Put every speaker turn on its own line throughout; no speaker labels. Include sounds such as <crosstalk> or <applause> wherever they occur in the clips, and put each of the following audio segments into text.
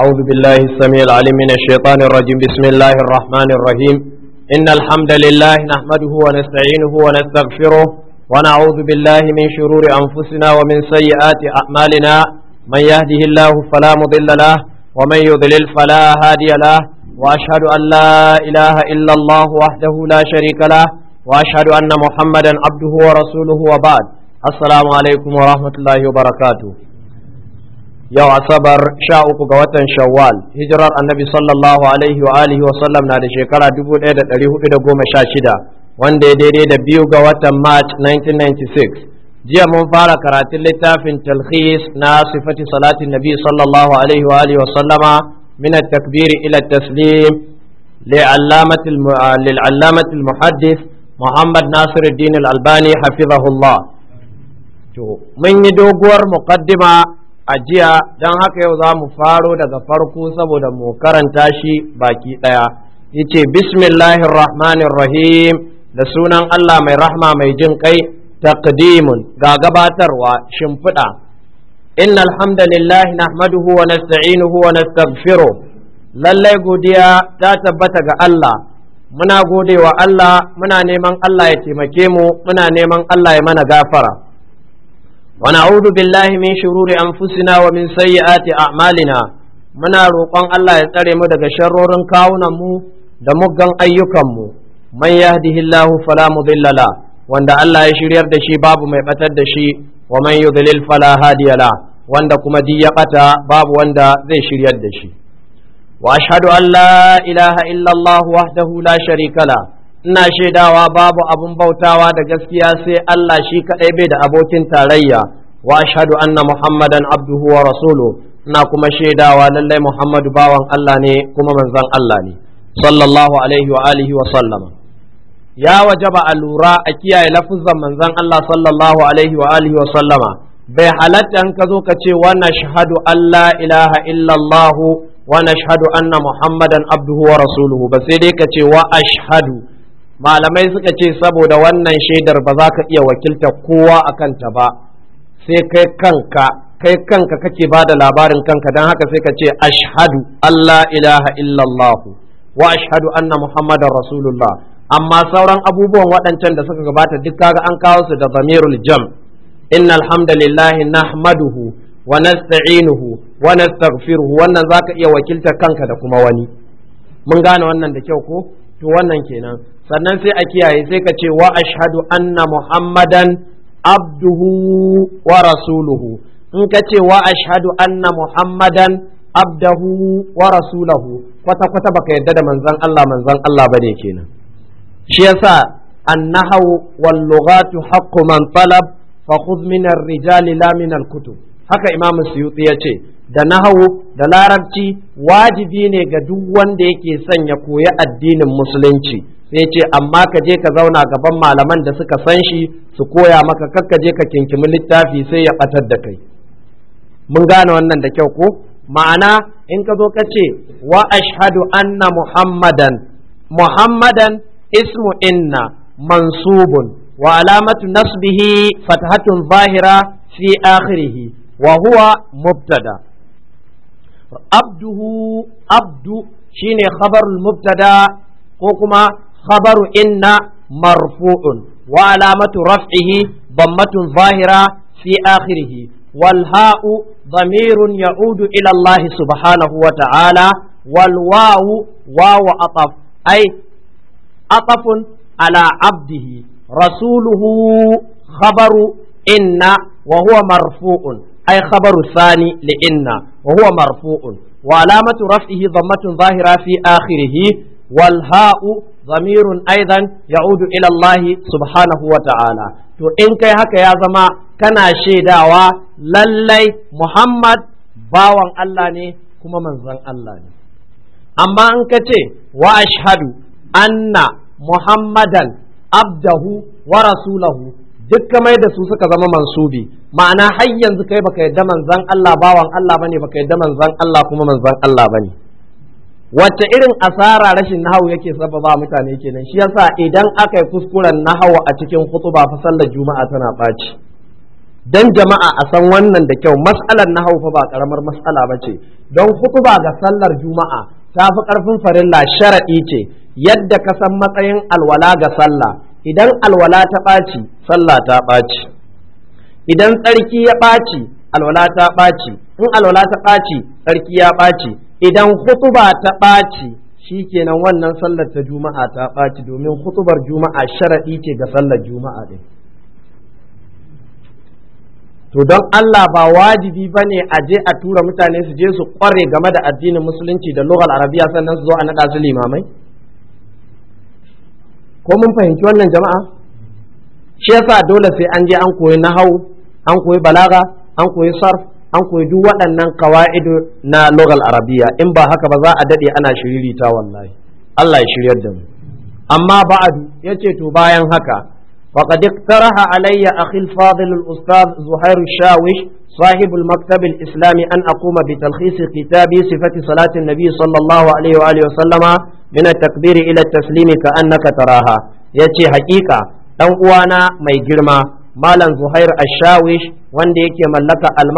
أعوذ بالله السميع العليم من الشيطان الرجيم بسم الله الرحمن الرحيم إن الحمد لله نحمده ونستعينه ونستغفره ونعوذ بالله من شرور أنفسنا ومن سيئات أعمالنا من يهده الله فلا مضل له ومن يضلل فلا هادي له وأشهد أن لا إله إلا الله وحده لا شريك له وأشهد أن محمدا عبده ورسوله وبعد السلام عليكم ورحمة الله وبركاته yau asabar sha uku ga watan shawwal hijirar annabi sallallahu alaihi wa alihi wa sallam na da shekara 1416 wanda ya daidai da biyu ga watan march 1996 jiya mun fara karatun littafin talhis na sifati salatin nabi sallallahu alaihi wa alihi wa sallama min at-takbir ila at-taslim للعلامة المحدث محمد ناصر الدين الألباني حفظه الله من يدوغور مقدمة a jiya don haka yau za mu faro daga farko saboda mu karanta shi baki ɗaya yace bismillahir rahmanir rahim da sunan Allah mai rahma mai jin kai taqdimun ga gabatarwa shimfiɗa innal nahmadu nahmaduhu wa huwa wa nastaghfiruh lallai godiya ta tabbata ga Allah muna godewa Allah muna neman Allah ya taimake mu muna neman Allah ya mana gafara ونعوذ بالله من شرور أنفسنا ومن سيئات Amalina, muna roƙon Allah ya tsare mu daga sharrorin kawunan mu da muggan ayyukanmu, mu man fala mudilla la wanda Allah ya shiryar da shi babu mai batar da shi wa man yudlil fala hadiya la wanda kuma di ya bata babu wanda zai shiryar da shi wa ashhadu an la wahdahu la sharika ina shaidawa babu abun bautawa da gaskiya sai Allah shi kaɗai bai da abokin tarayya wa ashhadu anna muhammadan abduhu wa rasulu ina kuma shaidawa lallai muhammadu bawan Allah ne kuma manzon Allah ne sallallahu alaihi wa alihi wa sallama ya wajaba a lura a kiyaye lafuzan manzon Allah sallallahu alaihi wa alihi wa sallama bai halatta an ka zo ka ce wa nashhadu alla ilaha illallah wa nashhadu anna muhammadan abduhu wa rasuluhu ba sai dai ka ce wa ashhadu malamai suka ce saboda wannan shaidar ba za ka iya wakilta kowa a kanta ba sai kai kanka kai kanka kake ba da labarin kanka don haka sai ka ce ashadu Allah ilaha illallahu wa ashadu anna muhammadar rasulullah amma sauran abubuwan waɗancan da suka gabata duk kaga an kawo su da zamirul jam innal hamdalillahi nahmaduhu wa nasta'inuhu wa nastaghfiruhu wannan zaka iya wakilta kanka da kuma wani mun gane wannan da kyau ko to wannan kenan sannan sai a kiyaye sai ka ce wa ashhadu anna muhammadan abduhu wa rasuluhu in ka ce wa ashhadu anna muhammadan abdahu wa rasuluhu kwata kwata baka yadda da manzon Allah manzon Allah bane kenan shi yasa annahu wal lughatu haqqu man talab fa khudh min rijali la min al-kutub haka imam suyuti yace da nahawu da larabci wajibi ne ga duk wanda yake son ya koyi addinin musulunci sai ce amma ka je ka zauna gaban malaman da suka san shi su koya maka kakka je ka kinkimi littafi sai ya batar da kai mun gane wannan da kyau ko ma'ana in ka zo ka ce wa ashhadu anna muhammadan muhammadan ismu inna mansubun wa alamatu nasbihi fathatun zahira fi akhirih wa huwa mubtada abduhu abdu shine khabarul mubtada ko kuma khabaru inna marfu'un wa alamatu raf'ihi dammatun zahira fi akhirih wal ha'u dhamirun ya'udu ila Allah subhanahu wa ta'ala wal wawu wawu ataf ay atafun ala abdihi rasuluhu khabaru inna wa huwa marfu'un ay khabaru thani li inna marfu'un wa alamatu raf'ihi dhammatun zahira fi akhirih wal ha'u zamirun aidan ya udu ilallahi subhanahu wa ta'ala to in kai haka ya zama kana shaidawa lallai Muhammad bawan Allah ne kuma manzon Allah ne amma in ka ce wa ashhadu anna Muhammadan abdahu wa rasulahu duk mai da su suka zama mansubi ma'ana har yanzu kai baka yadda manzon Allah bawan Allah bane baka yadda manzon Allah kuma manzon Allah bane wacce irin asara rashin nahawu yake sababa mutane kenan shi yasa idan aka yi kuskuren nahawu a cikin kutuba fa sallar juma'a tana ɓaci dan jama'a a san wannan da kyau mas'alar nahawu fa ba karamar mas'ala ba ce don kutuba ga sallar juma'a ta fi ƙarfin farilla sharaɗi ce yadda ka san matsayin alwala ga sallah idan alwala ta ɓaci sallah ta ɓaci idan tsarki ya ɓaci alwala ta ɓaci in alwala ta ɓaci tsarki ya ɓaci idan hutuba ta ɓaci shi kenan wannan sallar ta juma'a ta ɓaci domin hutubar juma'a sharaɗi ce ga sallar juma'a ɗin to don Allah ba wajibi ba ne a je a tura mutane su je su ƙware game da addinin musulunci da lughal arabiya sannan su zo a naɗa su limamai ko mun fahimci wannan jama'a shi yasa dole sai an je an koyi nahau an koyi balaga an koyi sarf an koyi duk waɗannan kawa'idu na logal arabiya in ba haka ba za a daɗe ana shiririta wallahi Allah ya shiryar da mu amma ba'ad ce to bayan haka faqad iqtaraha alayya akhi al-fadil al-ustad Zuhair Shawish صاحب المكتب الإسلامي أن أقوم بتلخيص كتاب صفة صلاة النبي صلى الله عليه وآله وسلم من التكبير إلى التسليم كأنك تراها يتي حقيقة ɗan uwana mai girma malam zuhair ashawish wanda yake mallaka al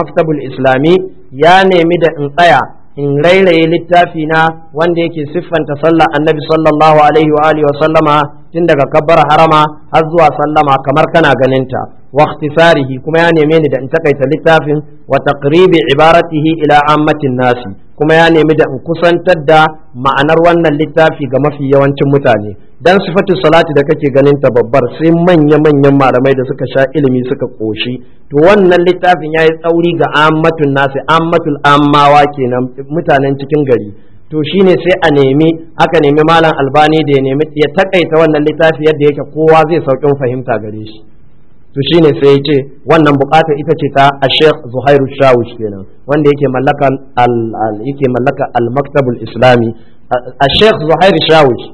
islami ya nemi da in tsaya in rairaye littafi na wanda yake siffanta sallah annabi sallallahu alaihi wa alihi wa sallama tun daga kabbar harama har zuwa sallama kamar kana ganinta wa ikhtisarihi kuma ya neme ni da in takaita littafin wa taqribi ibaratihi ila ammatin nasi kuma ya nemi da in kusantar da ma'anar wannan littafi ga mafi yawancin mutane dan sifatu salati da kake ganin ta babbar sai manya manyan malamai da suka sha ilimi suka koshi to wannan littafin yayi tsauri ga ammatun nasi ammatul ammawa kenan mutanen cikin gari to shine sai a nemi aka nemi malam albani da ya nemi ya takaita wannan littafi yadda yake kowa zai saukin fahimta gare shi to shine sai ya ce wannan bukatar ita ce ta a Sheikh Zuhairu Shawish kenan wanda yake mallaka al yake mallaka al maktabul islami Sheikh Zuhairu Shawish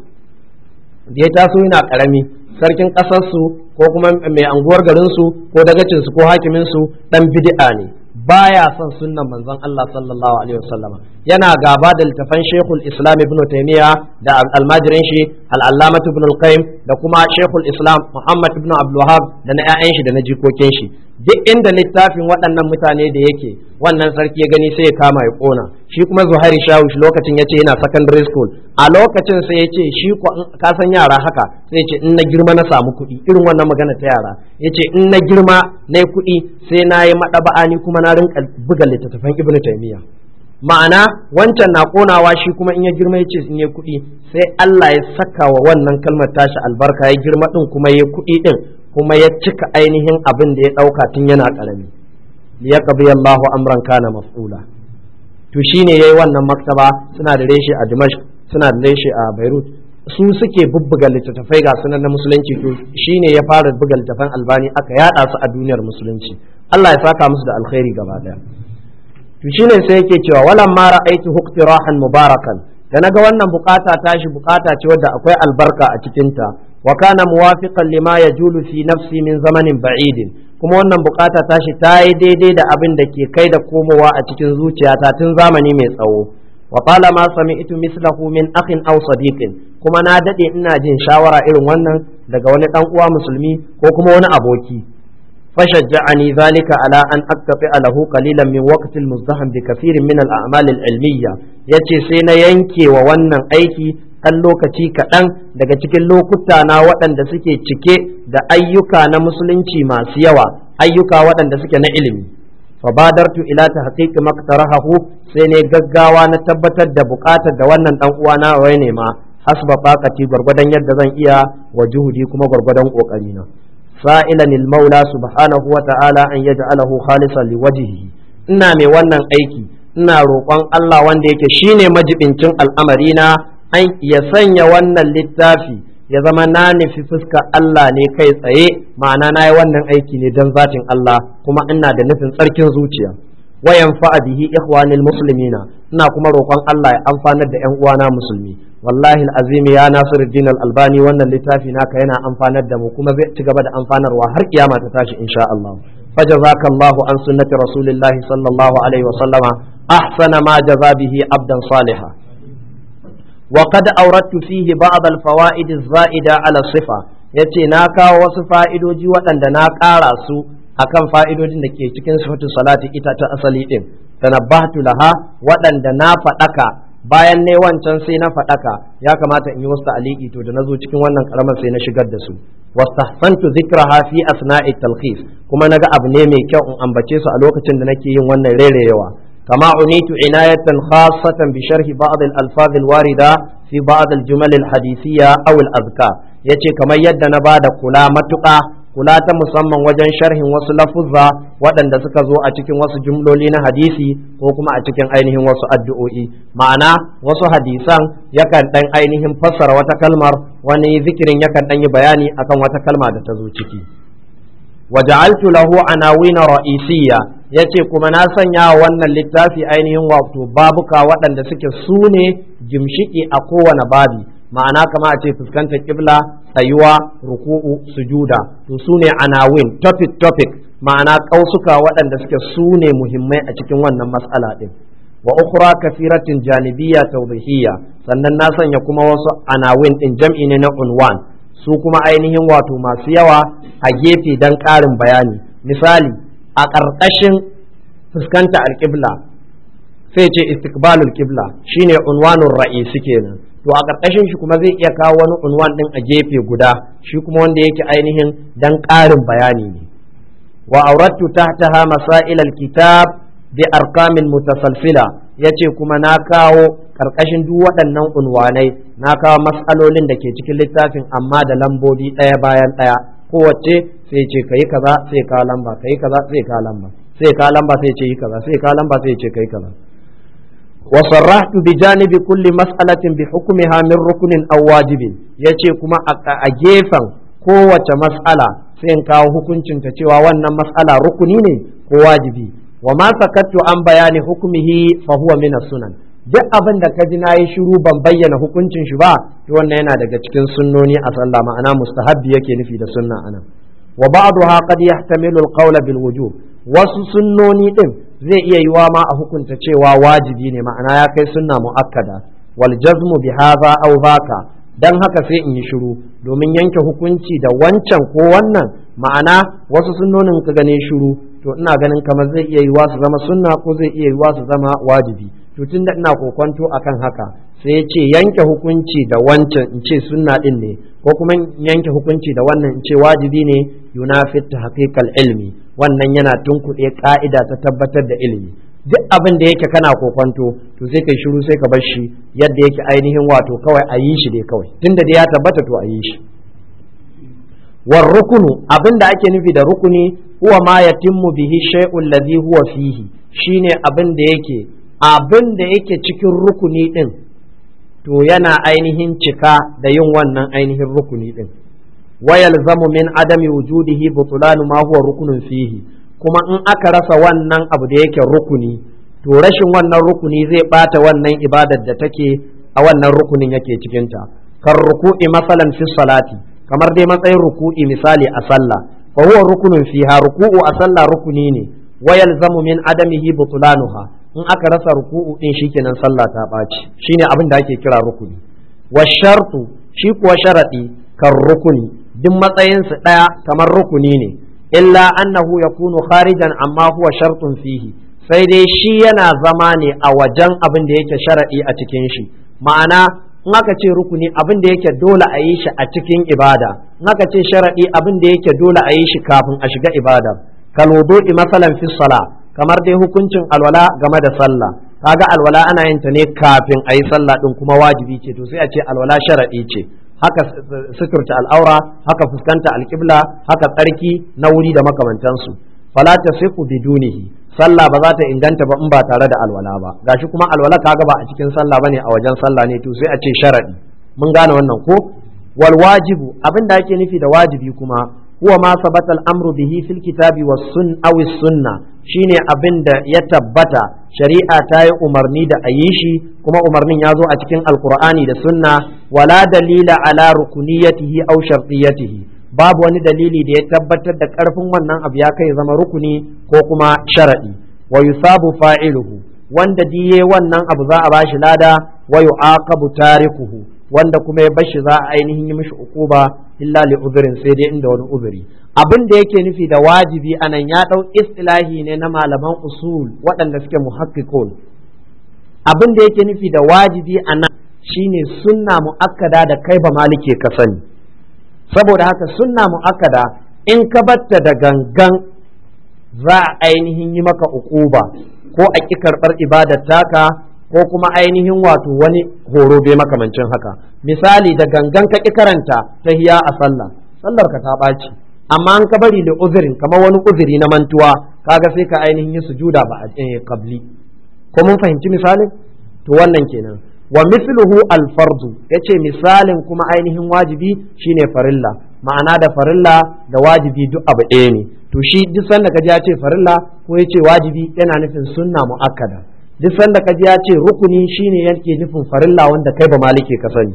da ya taso yana karami sarkin kasar su ko kuma mai anguwar garinsu ko dagacin su ko hakimin su dan bid'a ne baya son sunnan manzon Allah sallallahu alaihi wasallama yana gaba da littafan Sheikhul Islam Ibn Taymiyyah da almajirin shi Al-Allamah Ibn Al-Qayyim da kuma Sheikhul Islam Muhammad Ibn Abdul Wahhab da na ƴaƴan shi da na jikokin shi duk inda littafin waɗannan mutane da yake wannan sarki ya gani sai ya kama ya kona shi kuma zuhari shawush lokacin ya ce yana secondary school a lokacin sai ya ce shi ka san yara haka sai ya ce in na girma na samu kuɗi irin wannan magana ta yara ya ce in na girma na kuɗi sai na yi maɗaba'ani kuma na rinka buga littattafan ibnu taimiya ma'ana wancan na konawa shi kuma in ya girma ya ce in ya kuɗi sai Allah ya saka wa wannan kalmar tashi albarka ya girma ɗin kuma ya kuɗi ɗin kuma ya cika ainihin abin da ya ɗauka tun yana ƙarami ya ƙabi Allahu amran kana mas'ula to shine yayi wannan maktaba suna da reshe a Dimashq suna da reshe a Beirut su suke bubbuga littattafai ga sunan na musulunci to shine ya fara buga littattafan Albani aka yada su a duniyar musulunci Allah ya saka musu da alkhairi gaba daya to shine sai yake cewa walam ma ra'aytu iqtirahan mubarakan da na ga wannan bukata tashi bukata ce wadda akwai albarka a cikinta wa kana muwafiqan lima ya fi nafsi min zamanin ba'idin kuma wannan bukata tashi ta yi daidai da abin da ke kai da komowa a cikin zuciyata tun zamani mai tsawo wa qala ma sami'tu mislahu min akhin aw sadiqin kuma na dade ina jin shawara irin wannan daga wani dan uwa musulmi ko kuma wani aboki fashajja'ani zalika ala an aktafi alahu qalilan min waqtil muzdaham bi kathirin min al a'mal al ilmiyya yace sai na yanke wa wannan aiki ɗan lokaci kaɗan daga cikin lokuta na waɗanda suke cike da ayyuka na musulunci masu yawa ayyuka waɗanda suke na ilimi fabadartu ila ta haƙiƙi hu? sai ne gaggawa na tabbatar da buƙatar da wannan ɗan uwana wai ne ma hasba faƙati gwargwadon yadda zan iya wa juhudi kuma gwargwadon ƙoƙarina sa'ilan maula subhanahu wa ta'ala an halisa li wajihi. ina mai wannan aiki ina roƙon Allah wanda yake shine majibincin al'amarina ya sanya wannan littafi ya zama na nufi fuskar Allah ne kai tsaye ma'ana na yi wannan aiki ne don zatin Allah kuma ina da nufin tsarkin zuciya wayan fa'a bihi ikhwanil muslimina ina kuma roƙon Allah ya amfanar da ƴan uwana musulmi wallahi Al-azim ya nasiruddin albani wannan littafi naka yana amfanar da mu kuma zai ci gaba da amfanarwa har kiyama ta tashi insha Allah fajazakallahu an sunnati rasulillahi sallallahu alaihi wa sallama ahsana ma jaza abdan salihan wa qad awrattu fihi ba'd al-fawaid az-za'ida ala sifa yace na kawo wasu fa'idoji waɗanda na ƙara su akan fa'idojin da ke cikin sifatu salati ita ta asali din tanabbahtu laha waɗanda na faɗaka bayan ne wancan sai na faɗaka ya kamata in yi wasu aliki to da nazo cikin wannan karamar sai na shigar da su wastahsantu dhikraha fi asna'i talqis kuma naga abu ne mai kyau in ambace su a lokacin da nake yin wannan rerewa كما أنيت عناية خاصة بشرح بعض الألفاظ الواردة في بعض الجمل الحديثية أو الأذكار يتي كما يدنا بعد قلا متقى kula matuƙa kula ta musamman wajen sharhin wasu lafuzza waɗanda suka zo a cikin wasu jumloli na hadisi ko kuma a cikin ainihin wasu addu'o'i ma'ana wasu hadisan yakan ɗan ainihin fassara wata kalmar wani zikirin yakan ɗan yi bayani akan wata kalma da ta zo ciki waja'altu lahu anawina ra'isiyya ya ce kuma na sanya wannan littafi ainihin wato babuka waɗanda suke su ne a kowane babi ma'ana kama a ce fuskantar kibla tsayuwa ruku'u sujuda to su ne anawin topic topic ma'ana ƙausuka waɗanda suke su ne muhimmai a cikin wannan matsala ɗin wa ukura kasiratin janibiyya tawdihiyya sannan na sanya kuma wasu anawin ɗin jam'i ne na unwan su kuma ainihin wato masu yawa a gefe don ƙarin bayani misali a ƙarƙashin fuskanta alƙibla sai ce istiqbalul ƙibla shine unwanun ra'isi kenan to a ƙarƙashin shi kuma zai iya kawo wani unwan ɗin a gefe guda shi kuma wanda yake ainihin dan ƙarin bayani ne wa auratu tahtaha masa'ilal kitab bi arqamin mutasalsila yace kuma na kawo ƙarƙashin duk waɗannan unwanai na kawo mas'alolin da ke cikin littafin amma da lambobi ɗaya bayan ɗaya kowace sai ce kai kaza sai ka lamba kai kaza sai ka lamba sai ka lamba sai ce yi kaza sai ka lamba sai ce kai kaza
wa sarrahtu
bi janibi kulli mas'alatin bi hukmiha min ruknin aw wajibin yace kuma a gefen kowace mas'ala sai in kawo hukuncin ta cewa wannan mas'ala rukuni ne ko wajibi wa ma sakattu an bayani hukmihi fa huwa min sunan duk abin da ka ji na yi shiru ban bayyana hukuncin shi ba to wannan yana daga cikin sunnoni a sallah ma'ana mustahabbi yake nufi da sunna anan wa ba'daha qad yahtamilu al-qawl bil wujub wasu sunnoni din zai iya yiwa ma a hukunta cewa wajibi ne ma'ana ya kai sunna muakkada wal jazmu bi hadha aw dhaka dan haka sai in yi shiru domin yanke hukunci da wancan ko wannan ma'ana wasu sunnonin ka gane shiru to ina ganin kamar zai iya yiwa su zama sunna ko zai iya yiwa su zama wajibi to tun da ina kokonto akan haka sai ya ce yanke hukunci da wancan in ce sunna ɗin ne ko kuma yanke hukunci da wannan in ce wajibi ne yunafit hakikal ilmi wannan yana tunkuɗe ka'ida ta tabbatar da ilimi duk abin da yake kana kokonto to sai kai shiru sai ka bar shi yadda yake ainihin wato kawai a yi shi dai kawai Tun da ya tabbata to a yi shi war rukunu abin da ake nufi da rukuni huwa ma yatimmu bihi shay'un ladhi huwa fihi shine abin da yake abin da yake cikin rukuni ɗin to yana ainihin cika da yin wannan ainihin rukuni ɗin wayal zamu min adami wujudihi butulanu ma huwa rukunin fihi kuma in aka rasa wannan abu da yake rukuni to rashin wannan rukuni zai bata wannan ibadar da take a wannan rukunin yake cikinta kar ruku'i masalan fi salati kamar dai matsayin ruku'i misali a sallah fa huwa rukunin fiha ruku'u a sallah rukuni ne wayal zamu min adamihi butulanuha in aka rasa ruku'u din shikenan sallah ta baci shine abin da ake kira rukuni wa shartu shi kuwa sharadi kan rukuni duk matsayinsu ɗaya kamar rukuni ne illa annahu yakunu kharijan amma huwa shartun fihi sai dai shi yana zama ne a wajen abin da yake sharadi a cikin shi ma'ana in aka ce rukuni abin da yake dole a yi shi a cikin ibada in aka ce sharadi abin da yake dole a yi shi kafin a shiga ibada kal wudu'i masalan fi salah kamar dai hukuncin alwala game da sallah kaga alwala ana yin ta ne kafin ayi sallah din kuma wajibi ce to sai a ce alwala sharaɗi ce haka sukurta al'aura haka fuskanta alƙibla haka tsarki na wuri da makamantansu fala bi bidunihi sallah ba za ta inganta ba in ba tare da alwala ba gashi kuma alwala kaga ba a cikin sallah bane a wajen sallah ne to sai a ce sharadi mun gane wannan ko wal wajibu abin da ake nufi da wajibi kuma huwa ma sabata amru bihi fil kitabi was sunna aw sunna shine abin da ya tabbata shari'a ta yi umarni da a yi shi kuma umarnin ya zo a cikin alkur'ani da sunna wala dalila ala rukuniyatihi aw shartiyatihi babu wani dalili da ya tabbatar da karfin wannan abu ya kai zama rukuni ko kuma sharaɗi? wa yusabu fa'iluhu wanda diye wannan abu za a ba shi lada wa yu'aqabu tarikuhu wanda kuma ya bashi za a ainihin yi mishi ukuba illa li uzurin sai dai inda wani uzuri abin da yake nufi da wajibi anan ya dau istilahi ne na malaman usul waɗanda suke muhaqqiqun abin da yake nufi da wajibi anan shine sunna muakkada da kai ba malike ka sani saboda haka sunna muakkada in ka batta da gangan za a ainihin yi maka ukuba ko a ƙi karɓar ibadar taka ko kuma ainihin wato wani horo bai makamancin haka misali da gangan ka ki karanta ta hiya a sallah sallar ka ta ɓaci amma an ka bari da uzurin kamar wani uzuri na mantuwa kaga sai ka ainihin yi sujuda ba a kabli eh, ko mun fahimci misalin to wannan kenan wa mithluhu ya yace misalin kuma ainihin wajibi shine farilla ma'ana da farilla da wajibi duk abu ɗaya ne to shi duk sanda kaji ya ce farilla ko yace wajibi yana nufin sunna mu'akkada duk sanda kaji ya ce rukuni shine yake nufin farilla wanda kai ba malike ka sani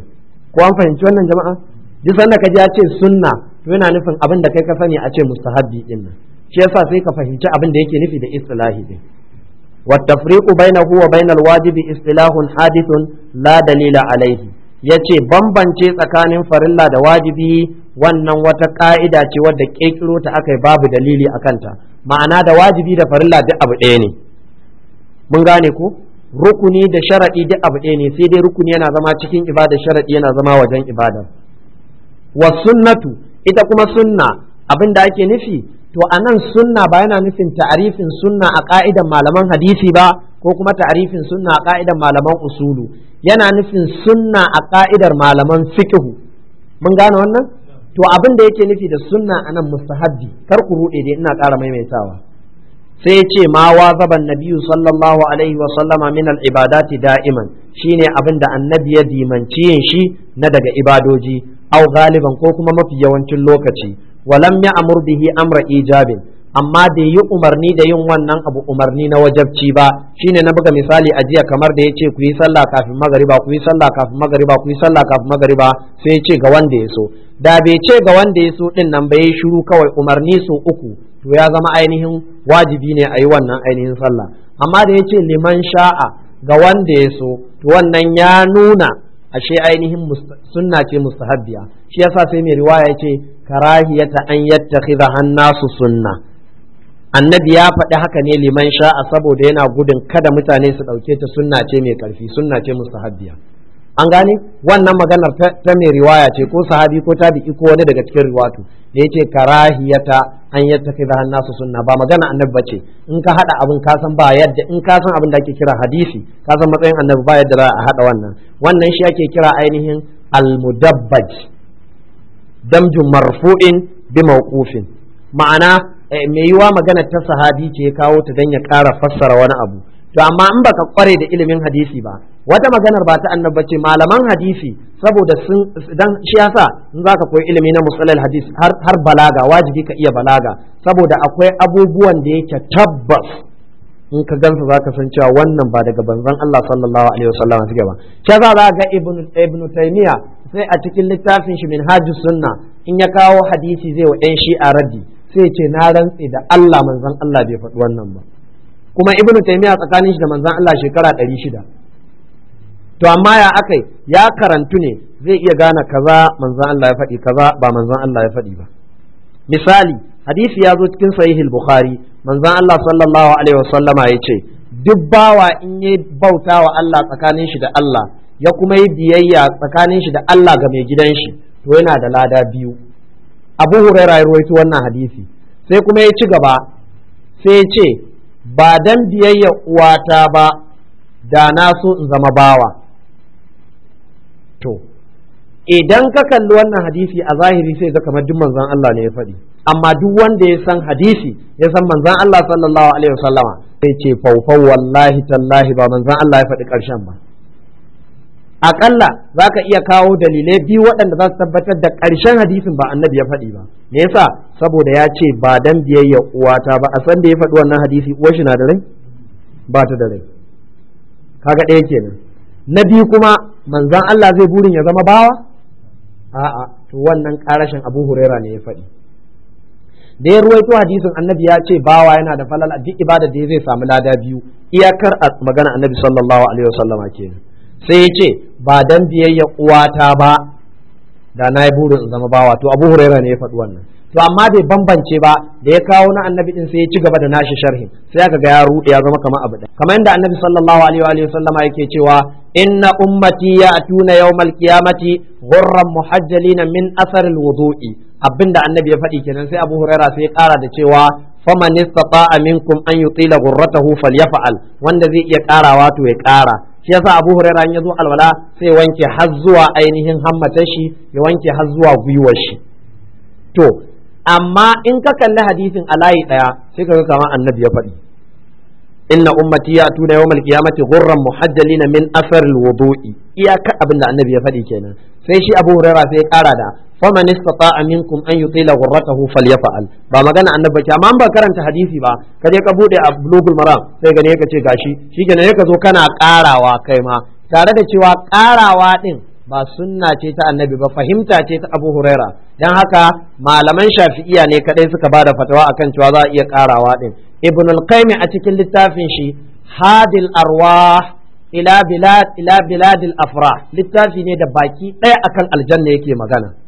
ko an fahimci wannan jama'a duk sanda kaji ya ce sunna to yana nufin abin da kai ka sani a ce mustahabbi din nan shi yasa sai ka fahimci abin da yake nufi da istilahi din wa tafriqu bainahu wa bainal wajibi istilahun hadithun la dalila alaihi yace bambance tsakanin farilla da wajibi wannan wata ka'ida ce wadda kekiro ta akai babu dalili akanta ma'ana da wajibi da farilla duk abu ɗaya ne mun gane ko rukuni da sharaɗi duk abu ɗaya ne sai dai rukuni yana zama cikin ibada sharaɗi yana zama wajen ibada wa sunnatu ita kuma sunna abin da ake nufi to a sunna ba yana nufin ta'arifin sunna a ka'idan malaman hadisi ba ko kuma ta'arifin sunna a ka'idan malaman usulu yana nufin sunna a ka'idar malaman fiqhu mun gane wannan to abin da yake nufi da sunna anan mustahabbi kar ku ruɗe dai ina ƙara maimaitawa sai ce ma wa zaban nabiyu sallallahu alaihi wa sallama min al ibadati da'iman shine abin da annabi ya dimanci yin shi na daga ibadoji au galiban ko kuma mafi yawancin lokaci walam ya amur bihi amra ijabin amma bai yi umarni da yin wannan abu umarni na wajabci ba shine na buga misali a jiya kamar da yace ku yi sallah kafin magariba ku yi sallah kafin magariba ku yi sallah kafin magariba sai ya ce ga wanda ya so da bai ce ga wanda ya so din nan bai shiru kawai umarni su uku to ya zama ainihin wajibi ne a yi wannan ainihin sallah amma da ya ce liman sha'a ga wanda ya so to wannan ya nuna ashe ainihin sunna ce mustahabbiya shi yasa sai mai riwaya ya ce karahiyata an yattakhidha hannasu sunna annabi ya faɗi haka ne liman sha'a saboda yana gudun kada mutane su ɗauke ta sunna ce mai karfi sunna ce mustahabbiya an gane wannan maganar ta mai riwaya ce ko sahabi ko tabi'i ko wani daga cikin riwatu da yace karahiyata an yi yattakhidha an-nasu sunna ba magana annabi ce. in ka hada abin ka san ba yadda in ka abin da ake kira hadisi kasan san matsayin annabi ba yadda za a hada wannan wannan shi ake kira ainihin al-mudabbaj damju marfu'in bi mawqufin ma'ana eh, mai yiwa magana ta sahabi ce ya kawo ta dan ya ƙara fassara wani abu to amma in baka kware da ilimin hadisi ba wata maganar ba ta annabace malaman hadisi saboda sun dan shi yasa in zaka koyi ilimi na musalal hadisi har har balaga wajibi ka iya balaga saboda akwai abubuwan da yake tabbas in ka gansa zaka san cewa wannan ba daga banzan Allah sallallahu alaihi wasallam suke ba shi za ga ibnu ibnu taymiya sai a cikin littafin shi min minhajus sunna in ya kawo hadisi zai wa yan shi'a raddi sai ce na rantsi da Allah manzon Allah bai faɗi wannan ba kuma ibnu taymiya tsakanin shi da manzon Allah shekara shida. to amma ya akai ya karantu ne zai iya gane kaza manzon Allah ya faɗi kaza ba manzon Allah ya faɗi ba misali hadisi ya zo cikin sahihul bukhari manzon Allah sallallahu alaihi wasallama ya ce duk bawa in yi bauta wa Allah tsakanin shi da Allah ya kuma yi biyayya tsakanin shi da Allah ga mai gidan shi to yana da lada biyu Abu Hurairah ya wannan hadisi sai kuma ya ci gaba sai ya ce ba dan biyayya uwata ba da na so in zama bawa to idan ka kalli wannan hadisi a zahiri sai ga kamar duk manzon Allah ne ya faɗi amma duk wanda ya san hadisi ya san manzon Allah sallallahu alaihi wasallama sai ce faufau wallahi tallahi ba manzon Allah ya faɗi ƙarshen ba akalla za ka iya kawo dalilai biyu waɗanda za su tabbatar da ƙarshen hadisin ba annabi ya faɗi ba me yasa saboda ya ce ba dan biyayya uwata ba a san da ya faɗi wannan hadisi uwar shi na da rai ba ta da rai kaga ɗaya kenan na biyu kuma manzan Allah zai burin ya zama bawa a'a to wannan karashin Abu Huraira ne ya faɗi da ya ruwaito hadisin annabi ya ce bawa yana da falal duk ibada da zai samu lada biyu iyakar a magana annabi sallallahu alaihi wasallam kenan sai ya ce ba dan biyayya uwata ba da na yi burin in zama bawa to abu huraira ne ya faɗi wannan to amma bai bambance ba da ya kawo na annabi din sai ya ci gaba da nashi sharhin sai aka ga ya rude ya zama kamar abu da kamar yadda annabi sallallahu alaihi wa sallama yake cewa inna ummati ya'tuna yawmal qiyamati ghurran muhajjalina min athar alwudu'i abinda annabi ya faɗi kenan sai abu huraira sai ya ƙara da cewa faman istata'a minkum an yutila ghurratahu falyaf'al wanda zai iya ƙarawa to ya ƙara shi yasa Abu ya in yazo alwala sai wanke har zuwa ainihin hammatar shi ya wanke har zuwa gwiwar shi to amma in ka kalli hadisin a layi daya sai kaga kamar annabi ya faɗi inna ummati yatuna yawmal qiyamati ghurran muhajjalina min asar alwudu'i iyaka abin da annabi ya faɗi kenan sai shi Abu huraira sai ya kara da faman istata'a minkum an yutila ghurratahu falyaf'al ba magana annabi ce amma ba karanta hadisi ba ka je ka bude a blogul maram sai gane ka ce gashi shikenan ka zo kana karawa kai ma tare da cewa karawa din ba sunna ce ta annabi ba fahimta ce ta abu huraira dan haka malaman shafi'iya ne kadai suka bada fatawa akan cewa za a iya karawa din ibn al-qayyim a cikin littafin shi hadil arwah ila bilad ila afrah littafi ne da baki ɗaya akan aljanna yake magana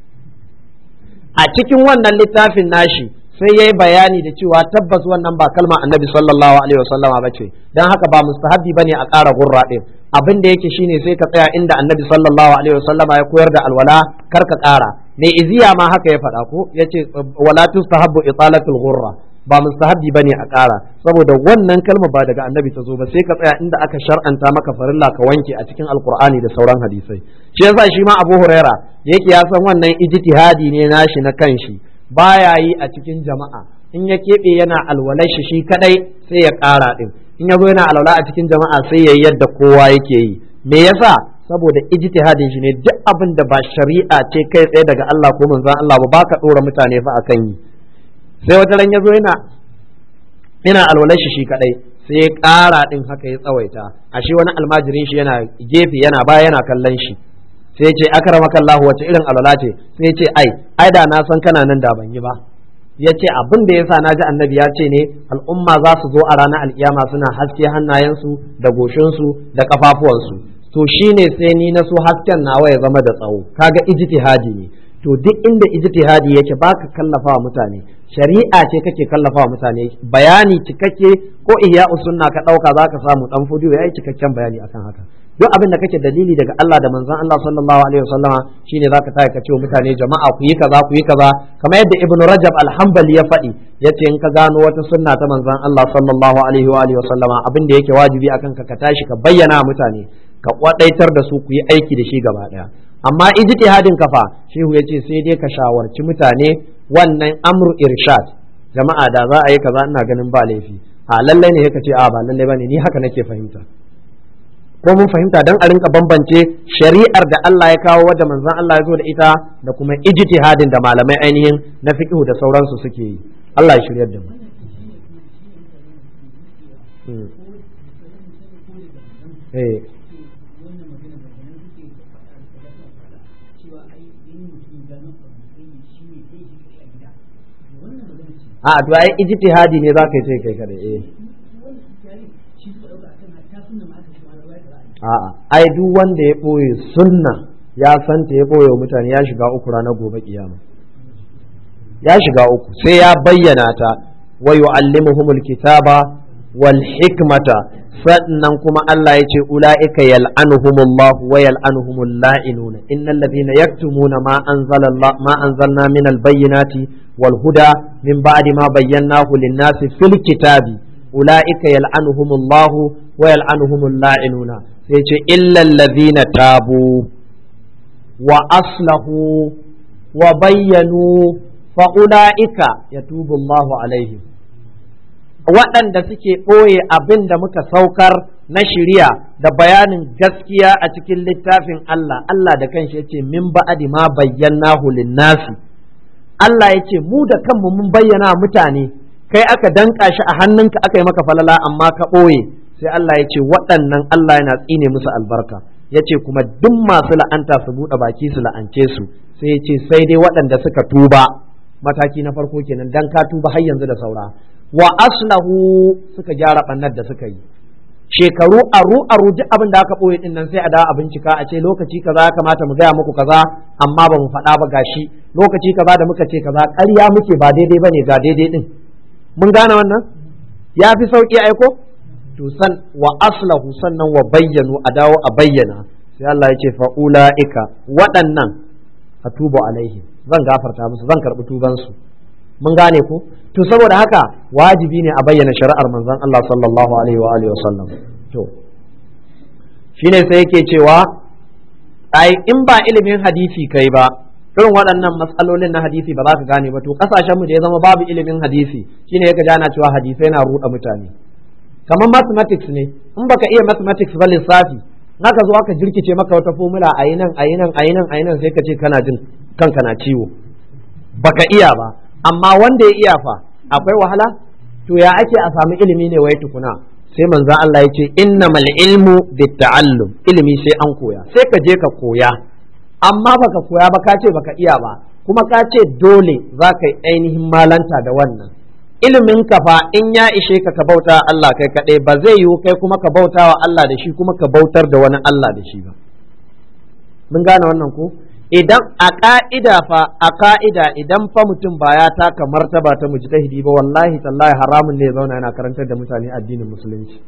a cikin wannan littafin nashi sai yayi bayani da cewa tabbas wannan ba kalma annabi sallallahu alaihi wasallam ba ce Don haka ba mustahabbi bane a ƙara gurra din abin da yake shine sai ka tsaya inda annabi sallallahu alaihi ya koyar da alwala kar ka ƙara mai iziya ma haka ya faɗa ko yace wala tustahabbu italatul gurra. ba mustahabi bane a ƙara saboda wannan kalma ba daga annabi ta zo ba sai ka tsaya inda aka shar'anta maka farilla ka wanke a cikin alqur'ani da sauran hadisai shi yasa shi ma Abu Huraira yake ya san wannan ijtihadi ne nashi na kanshi baya yi a cikin jama'a in ya keɓe yana alwalai shi shi kadai sai ya ƙara din in ya yana alwala a cikin jama'a sai ya yadda kowa yake yi me yasa saboda ijtihadin shi ne duk abin da ba shari'a ce kai tsaye daga Allah ko manzon Allah ba baka dora mutane fa akan yi sai wata ran ya yana yana alwalai shi shi kadai sai ya ƙara din haka ya tsawaita ashe wani almajirin shi yana gefe yana baya yana kallon shi sai ce Lahu, wace irin alwala ce sai ce ai ai da na san kana nan da ban yi ba ya ce abin da yasa naji annabi ya ce ne al'umma za su zo a ranar alkiyama suna haske hannayensu da goshinsu da kafafuwansu to ne sai ni na so hasken nawa ya zama da tsawo kaga ijtihadi ne to duk inda ijtihadi yake baka kallafa wa mutane shari'a ce kake kallafa wa mutane bayani cikakke ko ihya sunna ka dauka zaka samu dan fudu yayi cikakken bayani akan haka duk abin da kake dalili daga Allah da manzon Allah sallallahu alaihi wasallam shine zaka tsaya ka ce wa mutane jama'a ku yi kaza ku yi kaza kamar yadda ibnu Rajab al-Hanbali ya faɗi yace in ka gano wata sunna ta manzon Allah sallallahu alaihi wa alihi wasallama abin da yake wajibi akan ka ka tashi ka bayyana mutane ka kwadaitar da su ku yi aiki da shi gaba daya amma ijtihadin kafa shehu yace sai dai ka shawarci mutane wannan amru irshad jama'a da za a yi kaza ina ganin ba laifi a lallai ne ka ce a ba lallai bane ni haka nake fahimta ko mun fahimta dan a rinka bambance shari'ar da Allah ya kawo wadda manzon Allah ya zo da ita da kuma ijtihadin da malamai ainihin na fiqh da sauransu suke yi Allah ya shiryar da mu hmm. eh. a to ai ijtihadi ne za ka yi sai kai kada eh a'a ai duk wanda ya ɓoye sunna ya santa ya ɓoye mutane ya shiga uku ranar gobe kiyama ya shiga uku sai ya bayyana ta wa yu'allimuhumul kitaba wal hikmata sannan kuma Allah ya ce ula'ika yal'anuhumullahu wa yal'anuhumul la'inuna innal ladhina yaktumuna ma anzala ma anzalna min albayyinati wal huda min ba'di ma bayyanahu lin-nasi fil kitabi ula'ika yal'anuhumullahu wa yal'anuhumul la'inuna sai ce lazi na tabu wa aslahu wa bayyanu fa ulaika tubu Allahu alaihim waɗanda suke ɓoye abin da muka saukar na shirya da bayanin gaskiya a cikin littafin Allah Allah da kanshi ce min ba'adi ma bayyana lin-nasi Allah ya ce mu da kanmu mun bayyana mutane kai aka danƙa shi a hannunka aka yi maka falala amma ka ɓoye sai Allah ya ce waɗannan Allah yana tsine musu albarka ya ce kuma duk masu la'anta su buɗe baki su la'ance su sai ya ce sai dai waɗanda suka tuba mataki na farko kenan dan ka tuba har yanzu da saura wa aslahu suka gyara bannar da suka yi shekaru aru aru duk abin da aka boye din sai a da a bincika a ce lokaci kaza ya kamata mu gaya muku kaza amma ba mu faɗa ba gashi lokaci kaza da muka ce kaza ƙarya muke ba daidai bane ga daidai din mun gane wannan ya fi sauki aiko Tusan wa aslahu sannan wa bayyanu a dawo a bayyana sai Allah ya ce fa ulaika waɗannan a tuba alaihim zan gafarta musu zan karɓi tubansu mun gane ko to saboda haka wajibi ne a bayyana shari'ar manzon Allah sallallahu alaihi wa alihi wasallam to shine sai yake cewa ai in ba ilimin hadisi kai ba irin waɗannan matsalolin na hadisi ba za ka gane ba to kasashen mu da ya zama babu ilimin hadisi shine yake jana cewa hadisai na ruɗa mutane kamar mathematics ne in baka iya mathematics ba lissafi naka zo aka jirkice maka wata formula a nan a nan a nan a nan sai ka ce kana jin kanka na ciwo baka iya ba amma wanda ya iya fa akwai wahala to ya ake a samu ilimi ne wai tukuna sai manzo Allah ya ce innamal ilmu bitta'allum ilimi sai an koya sai ka je ka koya amma baka koya ba ka ce baka iya ba kuma ka ce dole za ka yi ainihin malanta da wannan ilimin kafa in ya ishe ka ka bauta Allah kai kaɗai ba zai yiwu kai kuma ka bauta wa Allah da shi kuma ka bautar da wani Allah da shi ba mun gane wannan ko idan a ka'ida fa a ka'ida idan fa mutum ba ya taka martaba ta hidi ba wallahi tallahi haramun ne ya zauna yana karantar da mutane addinin musulunci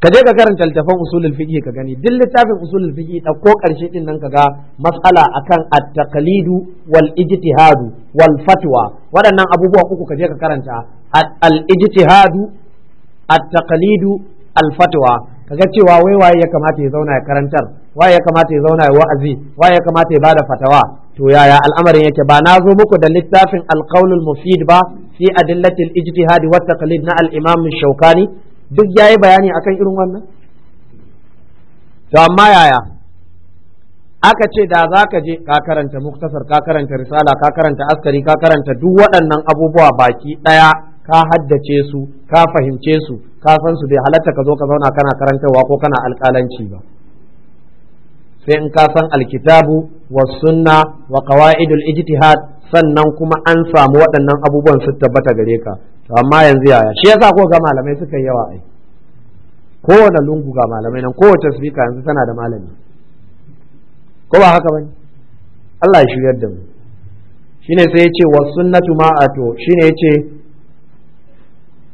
ka je ka karanta littafin usulul fiqh ka gani duk littafin usulul fiqh da ko karshe din nan ga, mas'ala akan at-taqlidu wal ijtihadu wal fatwa waɗannan abubuwa uku ka je ka karanta al-ijtihadu at-taqlidu al-fatwa kaga cewa wai waye ya kamata ya zauna ya karantar waye ya kamata ya zauna ya wa'azi waye ya kamata ya bada fatawa to yaya al'amarin yake ba na zo muku da littafin alqaulul mufid ba fi adillatil ijtihadi wat taqlid na al-imam shaukani duk yayi bayani akan irin wannan to amma yaya aka ce da za ka je ka karanta muktasar ka karanta risala ka karanta askari ka karanta duk waɗannan abubuwa baki ɗaya ka haddace su ka fahimce su ka san su bai halatta ka zo ka zauna kana karantarwa ko kana alƙalanci ba sai in ka san alkitabu wa sunna wa qawaidul ijtihad sannan kuma an samu waɗannan abubuwan su tabbata gare ka to amma yanzu yaya shi yasa ko ga malamai suka yi yawa ai kowane lungu ga malamai nan kowace sifika yanzu tana da malami ko ba haka bane Allah ya shiryar da mu shine sai yace was sunnatu ma ato shine yace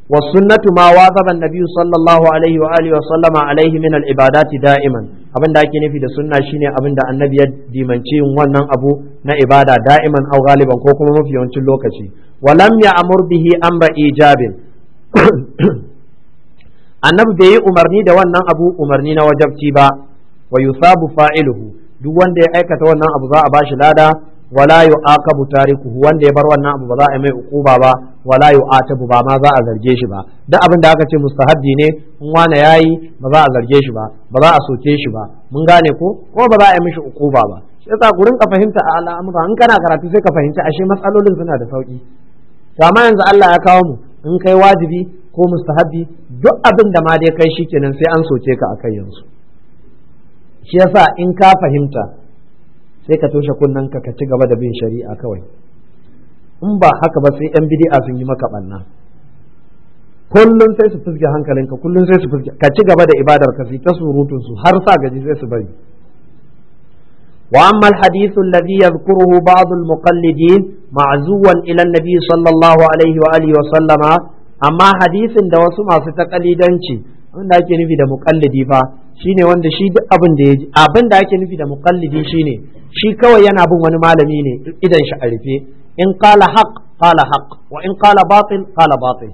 was sunnatu ma wazaba annabi sallallahu alaihi wa alihi wa sallama alaihi min al ibadati da'iman abin da ake nufi da sunna shine abin da annabi ya dimanci yin wannan abu na ibada da'iman au galiban ko kuma mafi yawancin lokaci walam ya amur bihi amra ijabin <coughs> annabi bai yi umarni da wannan abu umarni na wajabci ba wa yusabu fa'iluhu duk wanda ya aikata wannan abu za a bashi lada wala yu'aqabu tarikuhu wanda ya bar wannan abu ba za a mai ukuba ba wala yu'atabu ba ma za a zarge shi ba duk abin da aka ce mustahabbi ne in wani yayi ba za a zarge shi ba ba za a soke shi ba mun gane ko ko ba za a yi mishi ukuba ba sai yasa gurin ka fahimta a al'amura in kana karatu sai ka fahimci ashe matsalolin suna da sauki to amma yanzu Allah ya kawo mu in kai wajibi ko mustahabbi duk abin da ma dai kai shi kenan sai an soke ka akai yanzu shi yasa in ka fahimta sai ka toshe kunnen ka ka ci gaba da bin shari'a kawai in ba haka ba sai yan bid'a sun yi maka banna kullum sai su fuske hankalinka kullum sai su fuske ka ci gaba da ibadar ka sai ta surutun su har sa gaji sai su bari wa amma alhadith alladhi yadhkuruhu ba'd almuqallidin ma'zuwan ila annabi sallallahu alaihi wa alihi wa sallama amma hadisin da wasu masu taqalidanci abin da ake nufi da mukallidi fa shine wanda shi duk abin da yaji abin da ake nufi da mukallidi shine shi kawai yana bin wani malami ne idan shi a rufe in qala haqq qala haqq wa in qala batil qala batil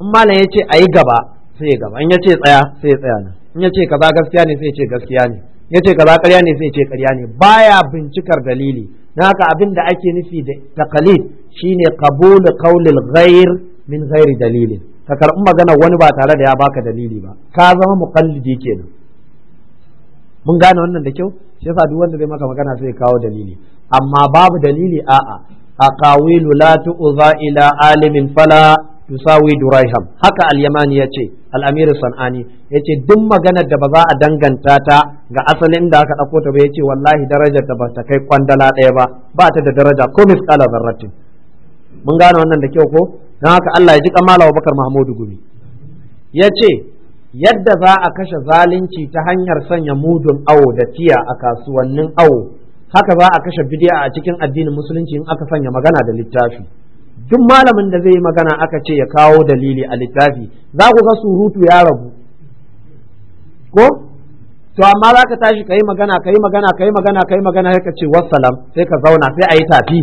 in malam yace ayi gaba sai ya gaba in yace tsaya sai ya tsaya ne in yace kaza gaskiya ne sai ce gaskiya ne yace kaza ƙarya ne sai ce ƙarya ne baya bincikar dalili na haka abin da ake nufi da taqalid shine qabul qawlil ghair min ghairi dalilin ka karɓi magana wani ba tare da ya baka dalili ba ka zama muqallidi kenan mun gane wannan da kyau shi yasa duk wanda zai maka magana sai kawo dalili amma babu dalili a'a aqawilu la tu'za ila alimin fala tusawi duraiham haka al ya ce Al'amiru San'ani. Ya ce duk maganar da ba za a danganta ta ga asalin da aka ɗauko ta ba ce wallahi darajar ta ba ta kai kwandala ɗaya ba ba ta da daraja ko misqala zarratin mun gane wannan da kyau ko don haka Allah ya ji kamala wa bakar Mahmudu gumi ya ce yadda za a kashe zalunci ta hanyar sanya mudun awo da tiya a kasuwannin awo haka za a kashe bidiya a cikin addinin musulunci in aka sanya magana da littafi duk malamin da zai yi magana aka ce ya kawo dalili a littafi za ku ga surutu ya rabu ko to amma za ka tashi ka yi magana ka yi magana ka yi magana ka yi magana sai ka ce wassalam sai ka zauna sai a yi tafi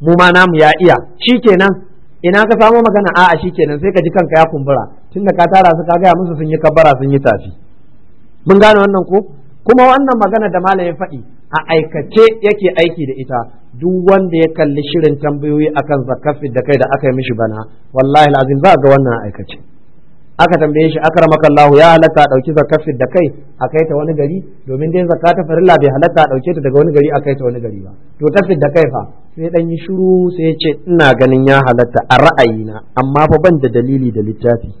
mu ma namu ya iya shi kenan ina ka samo magana a'a kenan, sai ka ji kanka ya kumbura tunda ka tara su ka gaya musu sun yi kabbara sun yi tafi mun gane wannan ko kuma wannan magana da malam ya faɗi a aikace yake aiki da ita duk wanda ya kalli shirin tambayoyi akan zakafi da kai da aka yi mishi bana wallahi lazim za ga wannan aikace aka tambaye shi akramaka Allah ya halatta dauki zakafin da kai a kai ta wani gari domin dai zakka ta farilla bai halatta dauke ta daga wani gari a kai ta wani gari ba to tafid da kai fa sai dan yi shiru sai ya ce ina ganin ya halatta a ra'ayina amma fa ban da dalili da littafi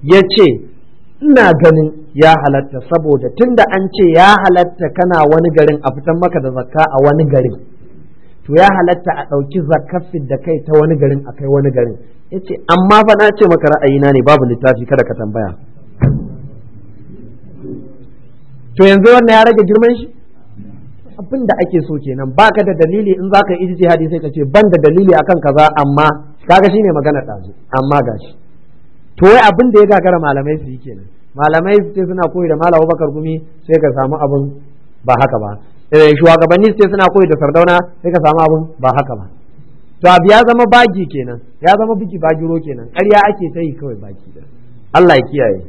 ya ce ina ganin ya halatta saboda tunda an ce ya halatta kana wani garin a fitan maka da zakka a wani garin to ya halatta a ɗauki zakafin da kai ta wani garin a kai wani garin ya ce amma fa na ce maka ra'ayina ne babu littafi kada ka tambaya to yanzu wannan ya rage girman shi abin da ake so kenan baka da dalili in za ka yi ijtihadi sai ka ce ban da dalili akan kaza amma kaga shine magana ɗazu amma gashi to wai abin da ya gagara malamai su yi kenan malamai su ce suna koyi da malam Bakar Gumi sai ka samu abin ba haka ba Eh, shugabanni sai suna koyi da sardauna sai ka samu abun ba haka ba to abu ya zama baki kenan ya zama biki giro kenan ƙarya ake ta yi kawai baki da Allah ya kiyaye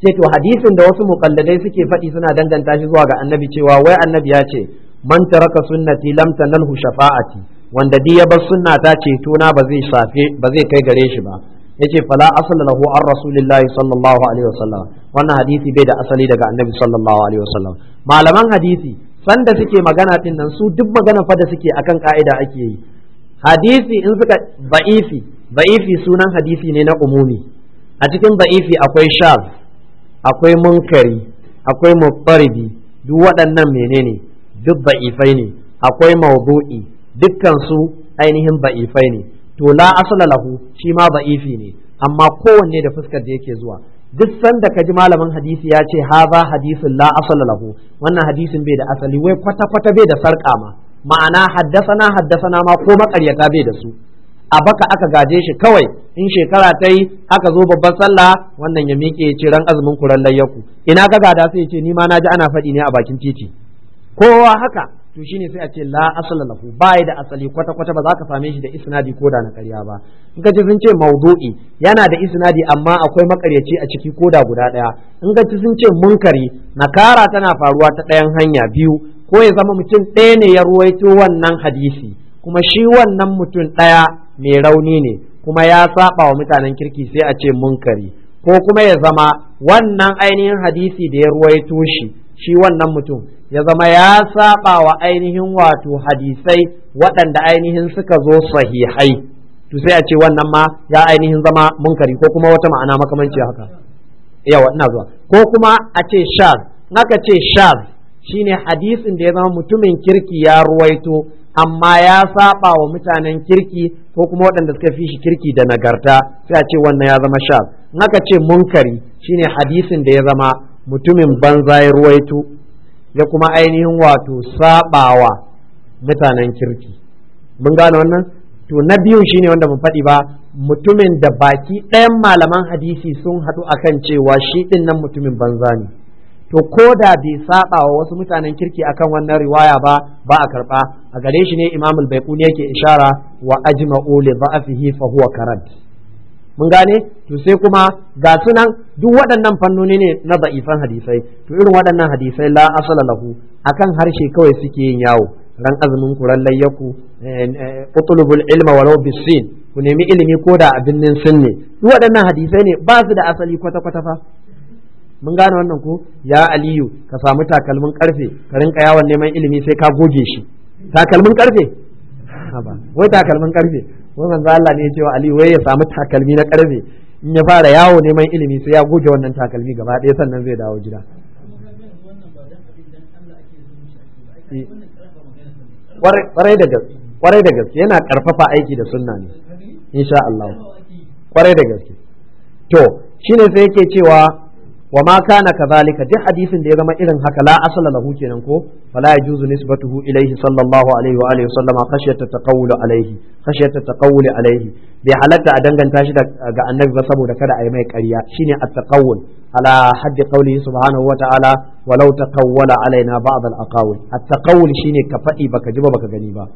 ce to hadisin da wasu muƙalladai suke faɗi suna danganta shi zuwa ga annabi cewa wai annabi ya ce man taraka sunnati lam tanalhu shafa'ati wanda diya bar sunna ta ce na ba zai shafe ba zai kai gare shi ba yace fala asala lahu an rasulillahi sallallahu alaihi wasallam wannan hadisi bai da asali daga annabi sallallahu alaihi wasallam malaman hadisi sanda suke magana din nan su duk magana fa da suke akan ka'ida ake yi hadisi in suka ba'ifi ba'ifi sunan hadisi ne na umumi a cikin ba'ifi akwai shaz akwai munkari akwai mufaridi duk waɗannan menene duk ba'ifai ne akwai mawdu'i dukkan su ainihin ba'ifai ne to la asala lahu shi ma ba'ifi ne amma kowanne da fuskar da yake zuwa duk sanda ka ji malamin hadisi ya ce haza hadisin la asala lahu wannan hadisin bai da asali wai kwata kwata bai da sarƙa ma ma'ana haddasa na haddasa na ma ko makaryata bai da su a baka aka gaje shi kawai in shekara ta yi aka zo babban sallah wannan ya miƙe ya ce ran azumin kuran layyaku ina ka gada sai ya ce ni ma na ji ana faɗi ne a bakin titi kowa haka to ne sai a ce la asali lafu ba da asali kwata kwata ba za ka same shi da isnadi ko da na karya ba in ka ci sun ce maudu'i yana da isnadi amma akwai makaryaci a ciki ko da guda ɗaya in ka ci sun ce munkari nakara tana faruwa ta ɗayan hanya biyu ko ya zama mutum ɗaya ne ya ruwaito wannan hadisi kuma shi wannan mutum ɗaya mai rauni ne kuma ya saɓa wa mutanen kirki sai a ce munkari ko kuma ya zama wannan ainihin hadisi da ya ruwaito shi shi wannan mutum ya zama ya saba wa ainihin wato hadisai waɗanda ainihin suka zo sahihai to sai a ce wannan ma ya ainihin zama munkari ko kuma wata ma'ana makamanci haka yawa ina zuwa ko kuma a ce shaz naka ce shaz shine hadisin da ya zama mutumin kirki ya ruwaito amma ya saba wa mutanen kirki ko kuma waɗanda suka fi shi kirki da nagarta sai a ce wannan ya zama shaz naka ce munkari shine hadisin da ya zama mutumin banza ya ruwaito ya kuma ainihin wato sabawa mutanen kirki mun gane wannan to na biyu shine wanda mun faɗi ba mutumin da baki ɗayan malaman hadisi sun haɗu akan cewa shi ɗin nan mutumin banza ne to ko da bai saba wa wasu mutanen kirki akan wannan riwaya ba ba a karɓa a gare shi ne imamul baiquni yake ishara wa ajma'u li fi fa huwa karad mun gane to sai kuma ga sunan duk waɗannan fannoni ne na da'ifan hadisai to irin waɗannan hadisai la asala lahu akan harshe kawai suke yin yawo ran azumin ku ran layyaku eh, eh, utlubul ilma walau bisin ku nemi ilimi ko da abin sin ne duk waɗannan hadisai ne ba su da asali kwata kwata fa mun gane wannan ko ya aliyu ka samu takalmin karfe ka rinka yawon neman ilimi sai ka goge shi takalmin karfe wai takalmin karfe Wannan zan Allah ne ya cewa Ali wai ya samu takalmi na karfe in ya fara yawo neman ilimi sai ya goge wannan takalmi gaba ɗaya sannan zai dawo gida eh. kwarai da gaske yana karfafa aiki da sunna ne insha Allah kwarai da gaske to shine sai yake cewa wa ma kana kadhalika duk hadisin da ya zama irin haka la asala lahu kenan ko fala yajuzu nisbatuhu ilayhi sallallahu alaihi wa alihi wasallama khashyata taqawul alaihi khashyata taqawul alaihi bai halatta a danganta shi ga annabi ba saboda kada a yi mai ƙarya shine at-taqawul ala haddi qawli subhanahu wa ta'ala walau taqawwala alaina ba'd al-aqawil at-taqawul shine ka faɗi baka ji ba baka gani ba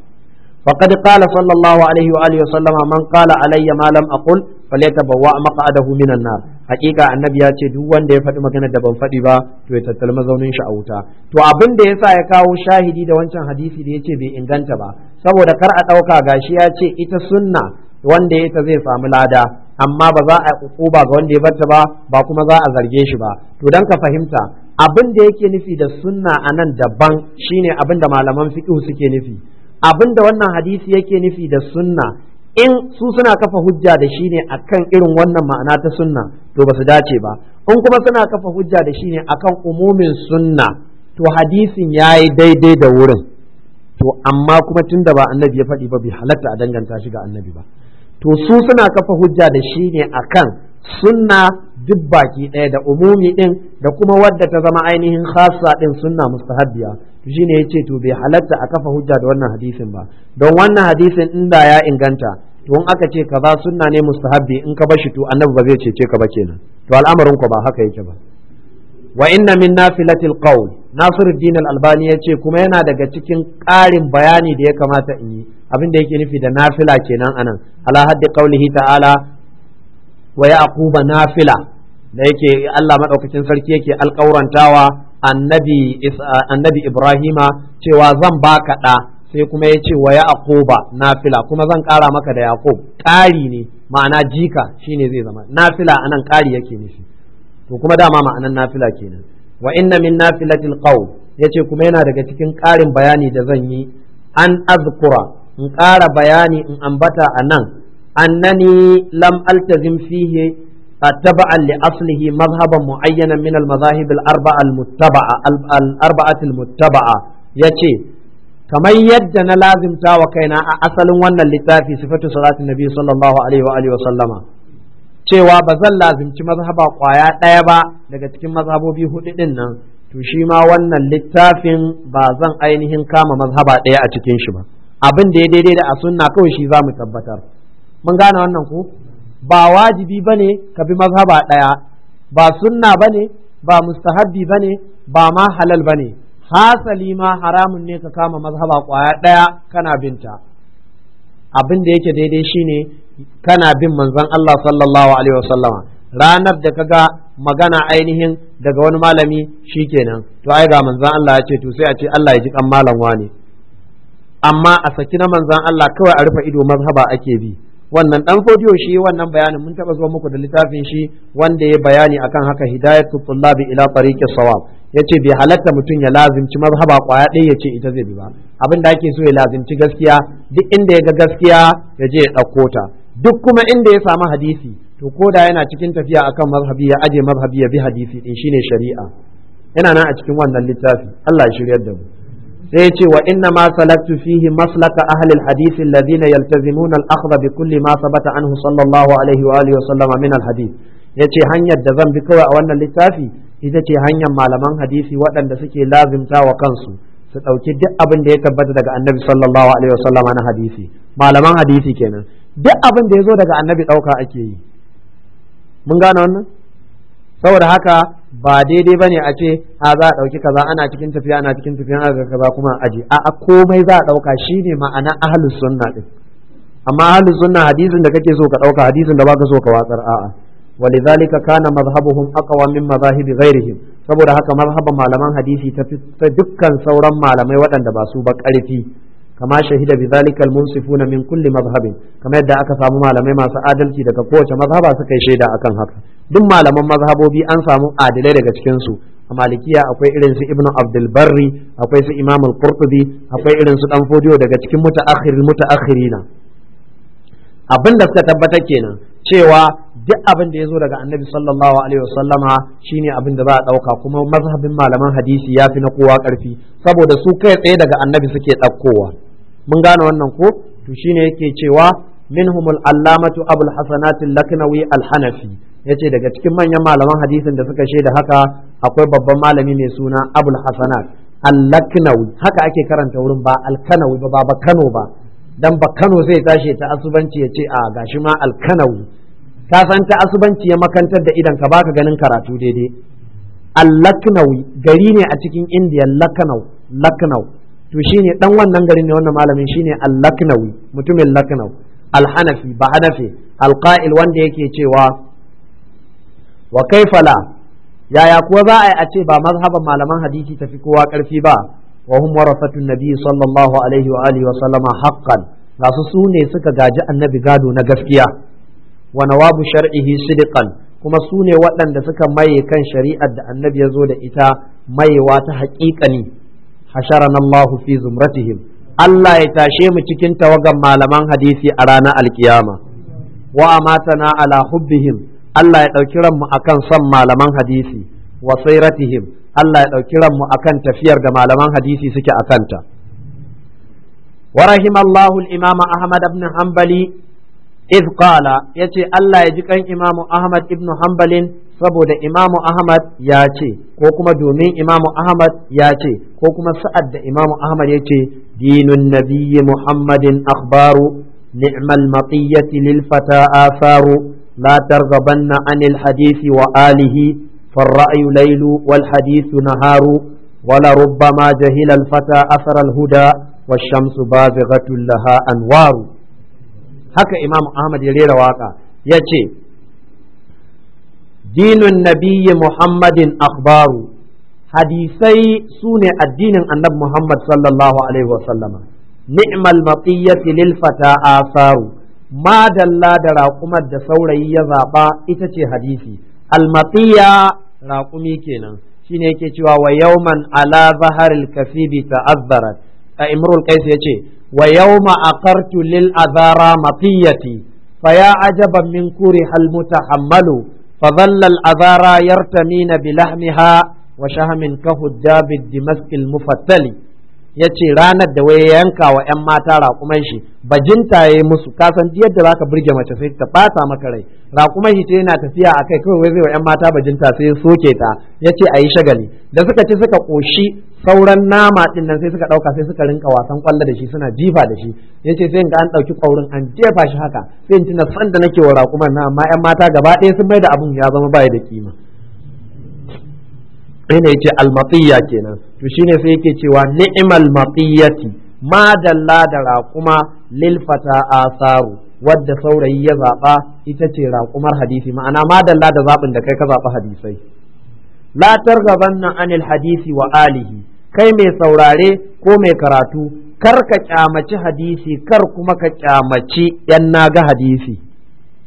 فقد قال صلى الله عليه وآله وسلم من قال علي ما لم أقل فليتبوأ مقعده minan النار hakika annabi ya ce duk wanda ya faɗi magana da ban faɗi ba to ya tattali mazaunin shi a wuta to abin da yasa ya kawo shahidi da wancan hadisi da yace bai inganta ba saboda kar a ɗauka gashi ya ce ita sunna wanda ya ta zai samu lada amma ba za a ba ga wanda ya barta ba ba kuma za a zarge shi ba to dan ka fahimta abin da yake nufi da sunna a nan daban shine abin da malaman fiqh suke nufi abin da wannan hadisi yake nufi da sunna in su suna kafa hujja da shi ne akan irin wannan ma'ana ta sunna to ba su dace ba in kuma suna kafa hujja da shi ne akan umumin sunna to hadisin ya yi daidai da wurin to amma kuma tun da ba annabi ya faɗi ba bai halatta a danganta shi ga annabi ba to su suna kafa hujja da shi ne akan sunna duk baki ɗaya da umumi ɗin da kuma wadda ta zama ainihin khasa ɗin sunna mustahabbiya shine ya ce to bai halatta a kafa hujja da wannan hadisin ba don wannan hadisin inda ya inganta to in aka ce kaza sunna ne mustahabbi in ka bashi to annabi ba zai cece ka ba kenan to al'amarin ku ba haka yake ba wa inna min nafilatil qawl Nasiruddin Al-Albani ya ce kuma yana daga cikin ƙarin bayani da ya kamata in yi abinda da yake nufi da nafila kenan anan ala haddi qawlihi ta'ala wa yaquba nafila da yake Allah madaukakin sarki yake alƙaurantawa annabi annabi ibrahima cewa zan baka ɗa sai kuma ya ce wa yaquba nafila kuma zan ƙara maka da yaqub ƙari ne ma'ana jika shine zai zama nafila anan ƙari yake nufi to kuma dama ma'anan nafila kenan wa inna min nafilatil ya yace kuma yana daga cikin ƙarin bayani da zan yi an azkura in ƙara bayani in ambata anan annani lam altazim fihi تبعا لأصله مذهبا معينا من المذاهب الأربعة المتبعة الأربعة المتبعة يتي كما يدنا لازم تاو كينا أصل وانا لتافي صفة صلاة النبي صلى الله عليه وآله وسلم cewa ba zan lazimci mazhaba kwaya ɗaya ba daga cikin mazhabobi hudu ɗin nan to shi ma wannan littafin ba zan ainihin kama mazhaba ɗaya a cikin shi ba abin da ya daidai da a sunna kawai shi za mu tabbatar mun gane wannan ku ba wajibi bane ka bi mazhaba ɗaya ba sunna bane ba mustahabbi bane ba ma halal bane hasali ma haramun ne ka kama mazhaba ƙwaya ɗaya kana binta abin da yake daidai shine kana bin manzon Allah sallallahu alaihi wasallama ranar da ka ga magana ainihin daga wani malami shikenan to ai ga manzon Allah ya ce to sai a ce Allah ya ji kan malam wane amma a saki na manzon Allah kawai a rufe ido mazhaba ake bi wannan dan fodiyo shi wannan bayanin mun taba zuwa muku da littafin shi wanda ya bayani akan haka hidayatu tullabi ila tariqi sawab yace bai halatta mutum ya lazimci mazhaba kwaya ɗaya yace ita zai bi ba abin da ake so ya lazimci gaskiya duk inda ya ga gaskiya ya je ya ɗauko ta duk kuma inda ya samu hadisi to ko da yana cikin tafiya akan mazhabi ya aje mazhabi ya bi hadisi din shine shari'a yana nan a cikin wannan littafi Allah ya shiryar da mu sai ce wa inna ma salaktu fihi maslaka ahli alhadith alladhina yaltazimuna al-akhdha bi kulli ma sabata anhu sallallahu alayhi wa alihi wa sallama min alhadith yace hanyar da zan bi kawai a wannan littafi ita ce hanyar malaman hadisi waɗanda suke lazimta wa kansu su ɗauki duk abin da ya tabbata daga annabi sallallahu alaihi wa sallama na hadisi malaman hadisi kenan duk abin da ya zo daga annabi ɗauka ake yi mun gane wannan saboda haka ba daidai ba ne a ce a za a ɗauki kaza ana cikin tafiya ana cikin tafiya ana ga kaza kuma aje a a komai za a ɗauka ne ma'ana ahlus sunna din amma ahlus sunna hadisin da kake so ka ɗauka hadisin da baka so ka watsar a'a ولذلك كان مذهبهم أقوى من zai غيرهم saboda haka mazhaban malaman hadisi ta dukkan sauran malamai waɗanda ba su ba ƙarfi kama shahida bi zalikal munsifuna min kulli mazhabin kamar yadda aka samu malamai masu adalci daga kowace mazhaba suka yi shaida a kan haka duk malaman mazhabobi an samu adilai daga cikin su a malikiya akwai irin su ibnu abdul barri akwai su imam al-qurtubi akwai irin su dan fodiyo daga cikin mutaakhiril mutaakhirina abin da suka tabbatar kenan cewa duk abin da ya zo daga annabi sallallahu alaihi wasallama shine abin da za a ɗauka kuma mazhabin malaman hadisi ya fi na kowa ƙarfi saboda su kai tsaye daga annabi suke ɗaukowa mun gane wannan ko to shine yake cewa minhumul allamatu abul hasanatin laknawi al-hanafi ya ce daga cikin manyan malaman hadisin da suka shaida haka akwai babban malami mai suna abul hasanat al-laknawi haka ake karanta wurin ba al-kanawi ba ba kano ba dan ba kano zai tashi ta asubanci ya ce a gashi ma al-kanawi ka san ta asubanci ya makantar da idan ka baka ganin karatu daidai al-laknawi gari ne a cikin indiya laknau laknau to shine dan wannan garin ne wannan malamin shine al-laknawi mutumin laknau al-hanafi ba hanafi al-qa'il wanda yake cewa wa kaifala yaya kuwa za a yi a ce ba mazhaban malaman hadisi tafi kowa ƙarfi ba wa hum warafatun nabi sallallahu alaihi wa alihi wa sallama haqqan ga su su ne suka gaji annabi gado na gaskiya wa nawabu shar'ihi sidqan kuma su ne waɗanda suka maye kan shari'ar da annabi ya zo da ita mayewa ta haƙiƙani hasharan Allahu fi zumratihim Allah ya tashe mu cikin tawagan malaman hadisi a ranar alkiyama wa amatana ala hubbihim Allah ya ɗauki ranmu akan son malaman hadisi wa siratihim Allah ya ɗauki ranmu akan tafiyar da malaman hadisi suke a kanta wa rahimallahu al-imam Ahmad ibn Hanbali iz qala yace Allah ya ji kan Imam Ahmad ibn Hanbalin saboda imamu ahmad ya ce ko kuma domin imamu ahmad ya ce ko kuma sa'ad da imamu ahmad ya ce dinun nabiyyi muhammadin akhbaru ni'mal matiyyati lil fata asaru لا ترغبن عن الحديث وآله فالرأي ليل والحديث نهار ولربما جهل الفتى أثر الهدى والشمس بازغة لها أنوار هكا إمام أحمد يلير واقع يتي دين النبي محمد أخبار حديثي سوني الدين النبي محمد صلى الله عليه وسلم نعم المطية للفتى آثار madalla da raƙumar da saurayi ya zaɓa ita ce hadisi almaqiya raƙumi kenan shine yake cewa wa yawman ala zaharil kasibi ta'azzarat a imrul qais yace wa yawma aqartu lil azara matiyati faya ajaban min kuri hal mutahammalu fadhalla al azara yartamina bilahmiha wa shahmin kahuddabi dimaskil mufattali ya ce ranar da waya yanka wa 'yan mata raƙuman shi bajinta ya yi musu kasan yadda za ka burge mace sai ta ɓata maka rai raƙuman shi ta yana tafiya a kai kawai wai zai wa 'yan mata bajinta sai ya soke ta ya ce a yi shagali da suka ci suka ƙoshi sauran nama ɗin nan sai suka ɗauka sai suka rinka wasan ƙwallo da shi suna jifa da shi ya ce sai in ga an ɗauki ƙwaurin an jefa shi haka sai in tuna san da nake wa raƙuman na amma 'yan mata gaba ɗaya sun mai da abun ya zama baya da kima sai ne yace almatiyya kenan to shine sai yake cewa ni'mal matiyati madalla da raƙuma lilfata asaru wadda saurayi ya zaɓa ita ce raƙumar hadisi ma'ana madalla da zaɓin da kai ka zaɓi hadisai la targabanna anil hadisi wa alihi kai mai saurare ko mai karatu kar ka kyamaci hadisi kar kuma ka kyamaci yan naga hadisi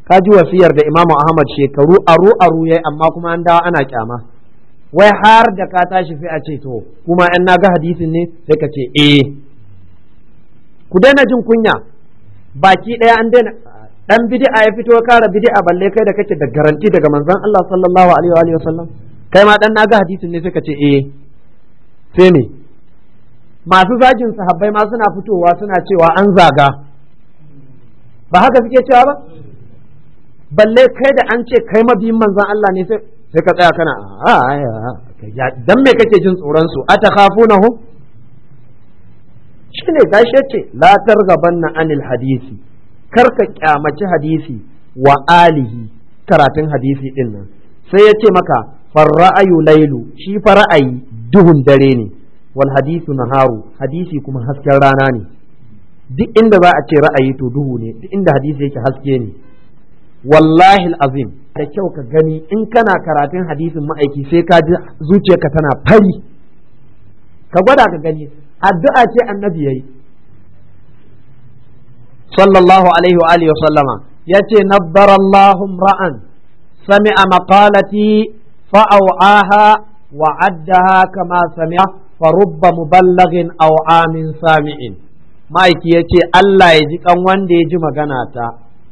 ka ji wasiyar da imamu ahmad shekaru aru aru yayi amma kuma an dawo ana kyama wai har da ka tashi sai a ce to kuma 'yan na ga hadisin ne sai ka ce eh ku daina jin kunya baki ɗaya an daina dan bid'a ya fito kara bid'a balle kai da kake da garanti daga manzon Allah sallallahu alaihi wa sallam kai ma dan na ga hadisin ne sai ka ce eh sai me masu zagin sahabbai ma suna fitowa suna cewa an zaga ba haka suke cewa ba balle kai da an ce kai mabiyin manzon Allah ne sai sai ka tsaya kana ah, ah, ah, a a dan me kake jin tsoron su atakhafunahum shine gashi yace la targhabanna anil hadisi kar ka kyamaci hadisi wa alihi karatun hadisi din nan sai yace maka farra'ayu lailu shi fara'ayi duhun dare ne wal hadisu naharu hadisi kuma hasken rana ne duk inda za a ce ra'ayi to duhu ne duk inda hadisi yake haske ne wallahi azim da kyau ka gani in kana karatun hadisin ma'aiki sai ka ji zuciyarka tana fari ka gwada ka gani addu'a ce annabi yayi sallallahu alaihi wa alihi wa sallama yace nabbarallahu ra'an sami'a maqalati au'aha wa addaha kama sami'a fa rubba muballagin aw amin sami'in ma'aiki yace Allah ya ji kan wanda ya ji magana ta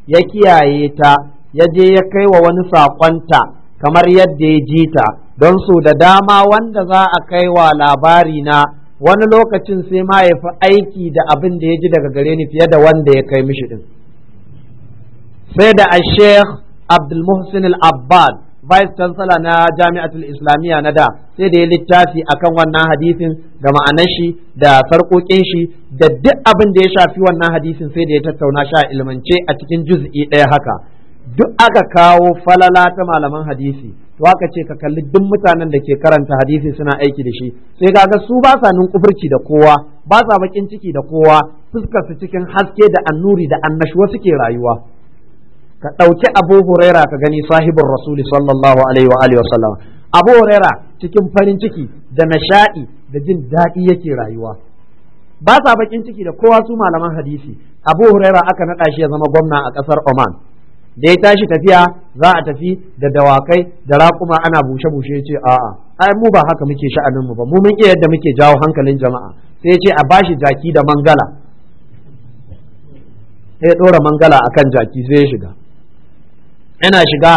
ya kiyaye ta ya je ya kai wa wani saƙonta kamar yadda ya ji ta don su da dama wanda za a kai wa labari na wani lokacin sai ma ya fi aiki da abin da ya ji daga gare ni fiye da wanda ya kai mishi ɗin sai da a sheikh abdulmuhsin al-abbad vice chancellor na jami'atul islamiyya na da sai da ya littafi akan wannan hadisin da ma'anar shi da sarƙoƙin shi da duk abin da ya shafi wannan hadisin sai da ya tattauna sha a ilmance a cikin juz'i ɗaya haka duk aka kawo falala ta malaman hadisi to aka ce ka kalli duk mutanen da ke karanta hadisi suna aiki da shi sai ga su ba sa kufurci da kowa ba sa bakin ciki da kowa fuskar su cikin haske da annuri da annashuwa suke rayuwa ka ɗauki Abu Huraira ka gani sahibin Rasuli sallallahu alaihi wa alihi wasallam Abu Huraira cikin farin ciki da nashadi da jin daɗi yake rayuwa ba sa bakin ciki da kowa su malaman hadisi Abu Huraira aka naɗa shi ya zama gwamna a ƙasar Oman da ya tashi tafiya za a tafi da dawakai da raƙuma ana bushe-bushe ya ce a'a ai mu ba haka muke sha'anin mu ba mu mun iya yadda muke jawo hankalin jama'a sai ya ce a bashi jaki da mangala sai ya ɗora mangala akan jaki sai ya shiga yana shiga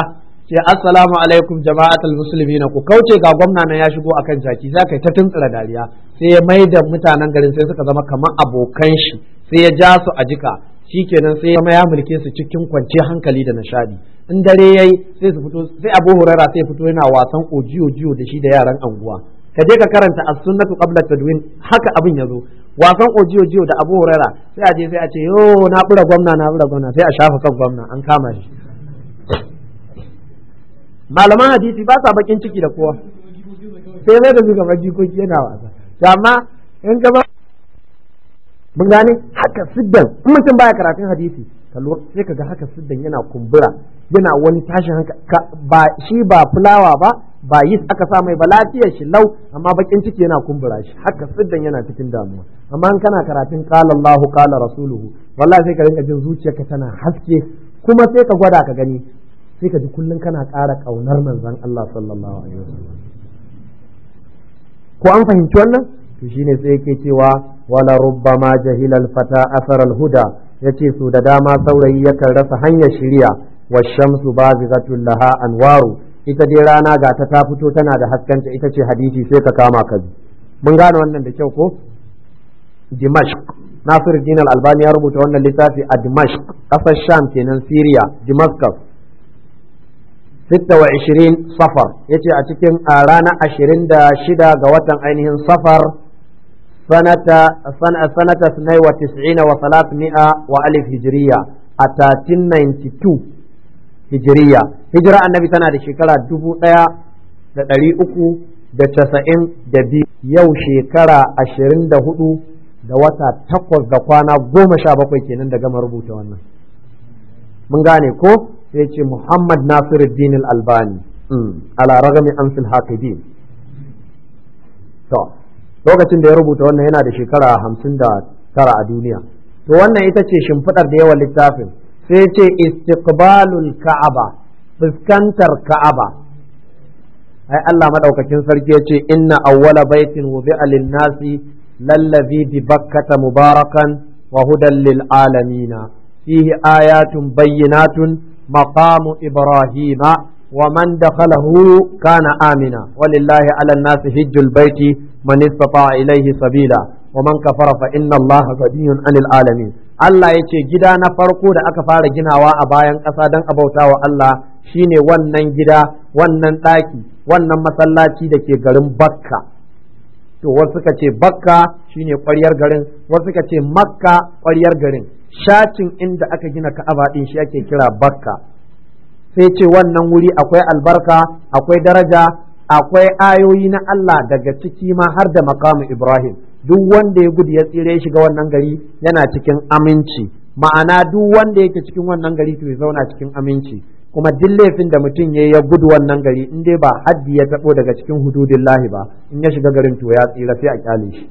sai assalamu alaikum jama'atul na ku kauce ga gwamna na ya shigo akan jaki za ka yi ta tuntsira dariya sai ya mai da mutanen garin sai suka zama kamar abokan shi sai ya ja su a jika Shi kenan sai ya ya mulke su cikin kwanci hankali da nishadi in dare yayi sai su fito sai Abu Huraira sai fito yana wasan ojiyo jiyo da shi da yaran anguwa ka je ka karanta as-sunnatu qabla tadwin haka abin yazo wasan ojiyo jiyo da Abu Huraira sai a je sai a ce yo na bura gwamna na bura gwamna sai a shafa kan gwamna an kama shi malaman hadisi ba sa bakin ciki da kowa sai mai da shugaban jikoki yana wasa amma in gaba mun gane haka siddan in mutum baya karatun hadisi kallo sai kaga haka siddan yana kumbura yana wani tashin haka ba shi ba fulawa ba ba yis aka sa mai ba lafiyar shi lau amma bakin ciki yana kumbura shi haka siddan yana cikin damuwa amma in kana karatun qala Allahu qala rasuluhu wallahi sai ka rinka jin zuciyarka tana haske kuma sai ka gwada ka gani sai ka ji kullum kana ƙara ƙaunar manzon Allah sallallahu alaihi wasallam ko an fahimci wannan to shine sai yake cewa wala rubbama jahilal fata asaral huda yace su da dama saurayi yakan rasa hanyar shiriya wa shamsu bazighatul laha anwaru ita dai rana ga ta ta fito tana da haskanta ita ce hadisi sai ka kama ka bi mun gane wannan da kyau ko dimashq nasir din al ya rubuta wannan littafi a dimashq kasar sham kenan syria damascus 26 safar yace a cikin a ranar 26 ga watan ainihin safar سنة سنة سنة 92 و300 وألف هجرية أتى 92 هجرية هجرة النبي سنة شكرا دبو ɗaya da ɗari uku da casa'in da biyu yau shekara ashirin da hudu da wata takwas da kwana goma sha bakwai kenan da gama rubuta wannan mun gane ko sai ce muhammad nasiruddin al-albani ala ragami an fil haqidin lokacin da ya rubuta wannan yana da shekara hamsin da tara a duniya to wannan ita ce shimfiɗar da yawan littafin sai ce istiqbalul ka'aba fuskantar ka'aba ai Allah madaukakin sarki ya ce inna awwala baitin wudi'a lin-nasi lallazi bi bakkata mubarakan wa hudan lil alamina fihi ayatun bayyinatun maqamu ibrahima ومن دخله كان آمنا ولله على الناس حج البيت من استطاع إليه سبيلا ومن كفر فإن الله غني عن العالمين Allah ya ce gida na farko da aka fara ginawa a bayan ƙasa don abauta wa Allah shine wannan gida wannan ɗaki wannan masallaci da ke garin Bakka to wasu suka ce Bakka shine ƙwaryar garin wasu suka ce Makka ƙwaryar garin shacin inda aka gina Ka'aba ɗin shi ake kira Bakka sai ce wannan wuri akwai albarka akwai daraja akwai ayoyi na Allah daga ciki ma har da makamu Ibrahim duk wanda ya gudu ya tsire shiga wannan gari yana cikin aminci ma'ana duk wanda yake cikin wannan gari to ya zauna cikin aminci kuma duk laifin da mutum ya ya gudu wannan gari in dai ba haddi ya tabo daga cikin hududin lahi ba in ya shiga garin to ya tsira sai a kyale shi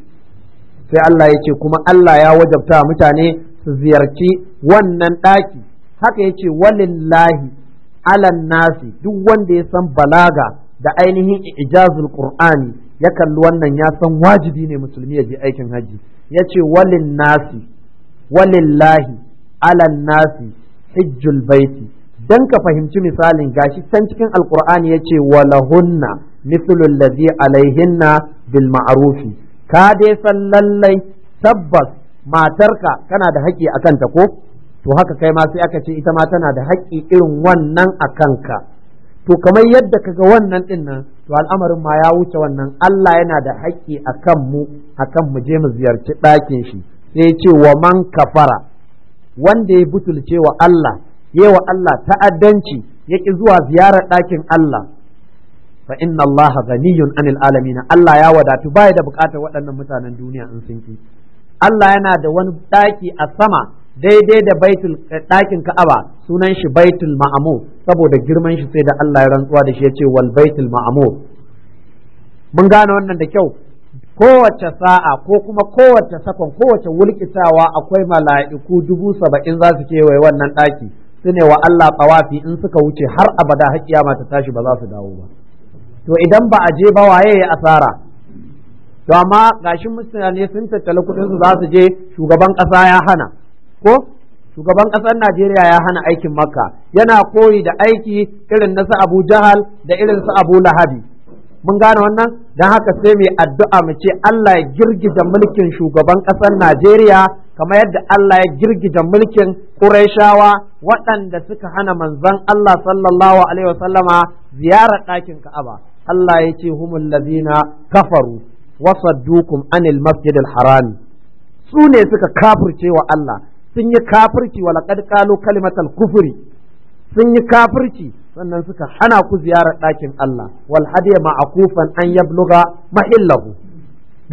sai Allah ya ce kuma Allah ya wajabta mutane su ziyarci wannan ɗaki haka ya ce walillahi alan nasi duk wanda ya san balaga da ainihin ijazul qur'ani ya kalli wannan ya san wajibi ne musulmi ya je aikin hajji ya ce walin nasi walillahi alan nasi hijjul baiti dan ka fahimci misalin gashi can cikin alqur'ani ya ce walahunna mithlul ladhi alaihinna bil ma'rufi ka dai san lallai tabbas matarka kana da haƙƙi akan ta ko to haka kai ma sai aka ce ita ma tana da haƙƙi irin wannan a kanka to kamar yadda kaga wannan ɗin nan to al'amarin ma ya wuce wannan Allah yana da haƙƙi a kan mu a kan mu je mu ziyarci ɗakin shi sai ce wa man kafara wanda ya butulce wa Allah ya wa Allah ta'addanci ya ƙi zuwa ziyarar ɗakin Allah fa inna Allah ganiyun anil alamin Allah ya wadatu baya da buƙatar waɗannan mutanen duniya in sun ki Allah yana da wani ɗaki a sama daidai da baitul eh, ɗakin ka'aba sunan shi baitul ma'amu saboda girman shi sai da Allah ya rantsuwa da shi ya ce wal baitul ma'amu mun gane wannan da kyau kowace sa'a ko kuma kowace sakon kowace wulkitawa akwai mala'iku dubu saba'in za su kewaye wannan ɗaki su ne wa Allah tsawafi in suka wuce har abada har kiyama ta tashi ba za su dawo ba to idan ba a je ba waye ya asara to amma gashin mutane sun tattala kuɗin su za su je shugaban ƙasa ya hana ko shugaban ƙasar Najeriya ya hana aikin Makka yana koyi da aiki irin na su Abu Jahal da irin su Abu Lahabi mun gane wannan don haka sai mai addu'a mu ce Allah ya girgiza mulkin shugaban ƙasar Najeriya kamar yadda Allah ya girgiza mulkin Qurayshawa waɗanda suka hana manzon Allah sallallahu alaihi wasallama ziyarar ɗakin Ka'aba Allah ya ce humul ladina kafaru wasaddukum anil masjidil harami su ne suka kafirce wa Allah sun yi kafirci wa laqad qalu kalimatal kufri sun yi kafirci sannan suka hana ku ziyarar ɗakin Allah wal hadiya ma'akufan an yabluga mahillahu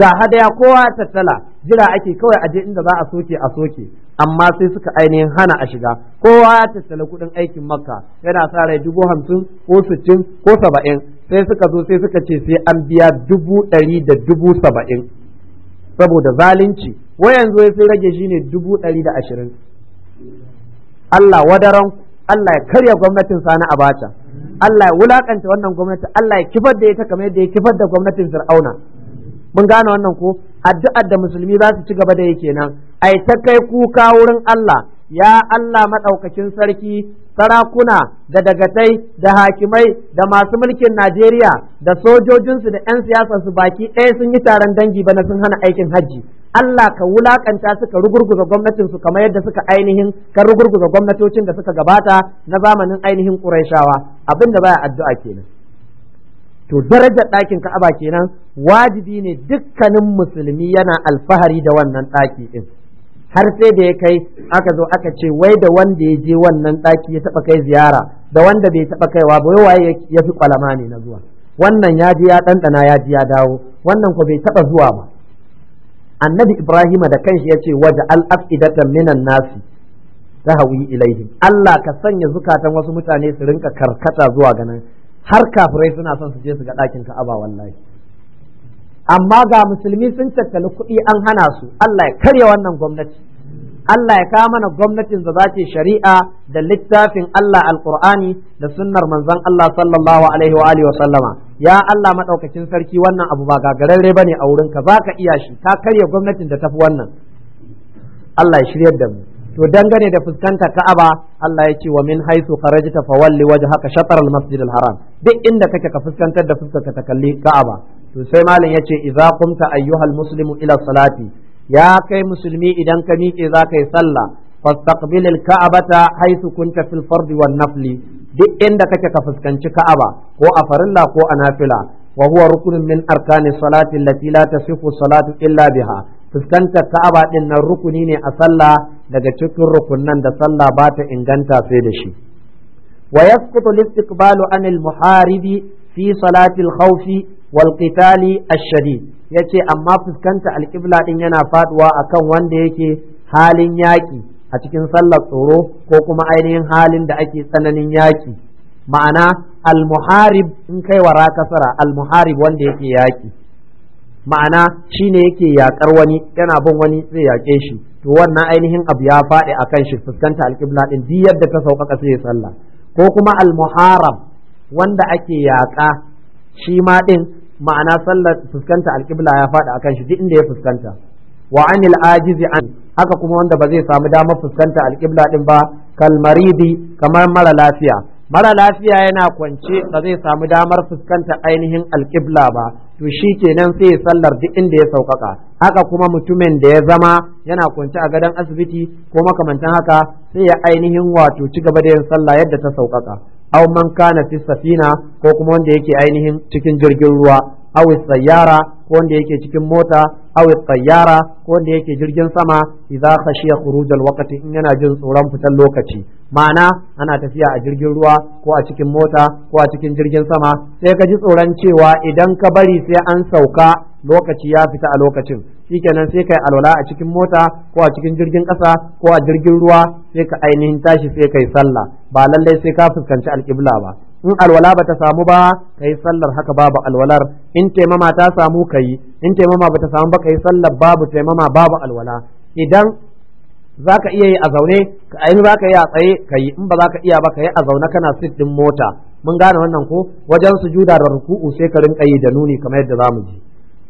ga hadaya kowa tattala jira ake kawai aje inda za a soke a soke amma sai suka ainihin hana a shiga kowa ya tattala kuɗin aikin makka yana sa rai dubu hamsin ko sittin ko saba'in sai suka zo sai suka ce sai an biya dubu ɗari da dubu saba'in saboda zalunci wai yanzu sun rage shi ne dubu ɗari da ashirin Allah wadaran Allah ya karya gwamnatin Sani Abacha Allah ya wulakanta wannan gwamnati Allah ya kifar da ita kamar yadda ya kifar da gwamnatin Fir'auna mun gane wannan ko addu'ar da musulmi za su ci gaba da yake nan ai ta kai kuka wurin Allah ya Allah madaukakin sarki sarakuna da dagatai da hakimai da masu mulkin Najeriya da sojojinsu da 'yan siyasarsu baki ɗaya sun yi taron dangi bana sun hana aikin hajji Allah ka wulakanta suka rugurguza gwamnatin su kamar yadda suka ainihin ka rugurguza gwamnatocin da suka gabata na zamanin ainihin Qurayshawa abinda baya addu'a kenan to darajar ɗakin Ka'aba kenan wajibi ne dukkanin musulmi yana alfahari da wannan ɗaki din har sai da ya kai aka zo aka ce wai da wanda ya je wannan ɗaki ya taɓa kai ziyara da wanda bai taɓa kaiwa ba waye ya fi kwalama ne na zuwa wannan ya je ya ɗanɗana ya ji ya dawo wannan ko bai taɓa zuwa ba annabi ibrahima da kanshi ya ce waje al'afidatan minan nasi ta hawi ilaihi Allah ka sanya zukatan wasu mutane su rinka karkata zuwa ganin har kafirai suna son su je su ga ɗakin ka'aba wallahi amma ga musulmi sun tattali kuɗi an hana su Allah ya karya wannan gwamnati Allah ya kawo mana gwamnatin da za shari'a da littafin Allah alƙur'ani da sunnar manzon Allah sallallahu alaihi wa alihi wa sallama ya Allah madaukakin sarki wannan abu ba gagararre bane a wurin ka zaka iya shi ka karya gwamnatin da tafi wannan Allah ya shiryar da mu to dangane da fuskanta Ka'aba Allah ya ce wa min haythu kharajta fawalli wajhaka shatr al-masjid al-haram duk inda kake ka fuskantar da fuskar ka ta kalli Ka'aba to sai malam yace idza qumta ayyuhal muslimu ila salati ya kai musulmi idan ka miƙe za ka yi sallah fastaqbil al-ka'bata haythu kunta fil fardi wan nafli duk inda kake ka fuskanci ka'aba ko a farilla ko a nafila wa huwa rukunin min arkani salati allati la tasifu salatu illa biha fuskantar ka'aba din nan rukuni ne a sallah daga cikin rukunan da sallah ba ta inganta sai da shi wa yasqutu al-istiqbalu an al-muharibi fi salati al-khawfi wal qitali ash-shadid ya ce amma fuskanta alƙibla ɗin yana faɗuwa kan wanda yake halin yaƙi a cikin sallar tsoro ko kuma ainihin halin da ake tsananin yaƙi ma'ana almuharib in kai wa rakasara almuharib wanda yake yaƙi ma'ana shi ne yake yaƙar wani yana bin wani zai yaƙe shi to wannan ainihin abu ya faɗi a kan shi fuskanta alƙibla ɗin duk yadda ta sauƙaƙa sai sallah ko kuma almuharab wanda ake yaƙa shi ma ɗin ma'ana sallar fuskanta alƙibla ya faɗi akan shi duk inda ya fuskanta wa anil ajizi an haka kuma wanda ba zai samu damar fuskanta alƙibla din ba kal kamar mara lafiya mara lafiya yana kwance ba zai samu damar fuskanta ainihin alƙibla ba to shi kenan sai sallar duk inda ya sauƙaƙa haka kuma mutumin da ya zama yana kwance a gadon asibiti ko makamantan haka sai ya ainihin wato ci gaba da yin sallah yadda ta sauƙaƙa aw man kana fi safina ko kuma wanda yake ainihin cikin jirgin ruwa aw sayyara ko wanda yake cikin mota aw sayyara ko wanda yake jirgin sama idza khashiya khuruj alwaqti in yana jin tsoron fitan lokaci ma'ana ana tafiya a jirgin ruwa ko a cikin mota ko a cikin jirgin sama sai ka ji tsoron cewa idan ka bari sai an sauka lokaci ya fita a lokacin shikenan sai kai alwala a cikin mota ko a cikin jirgin ƙasa ko a jirgin ruwa sai ka ainihin tashi sai kai sallah ba lallai sai ka fuskanci alƙibla ba in alwala bata samu ba kai sallar haka babu alwalar in taimama ta samu kai in taimama bata samu ba kai sallar babu taimama babu alwala idan za ka iya yi a zaune ka in za ka yi a tsaye ka yi in ba za ka iya ba ka yi a zaune kana sit din mota mun gane wannan ko wajen sujuda da ruku'u sai ka rinka yi da nuni kamar yadda za mu ji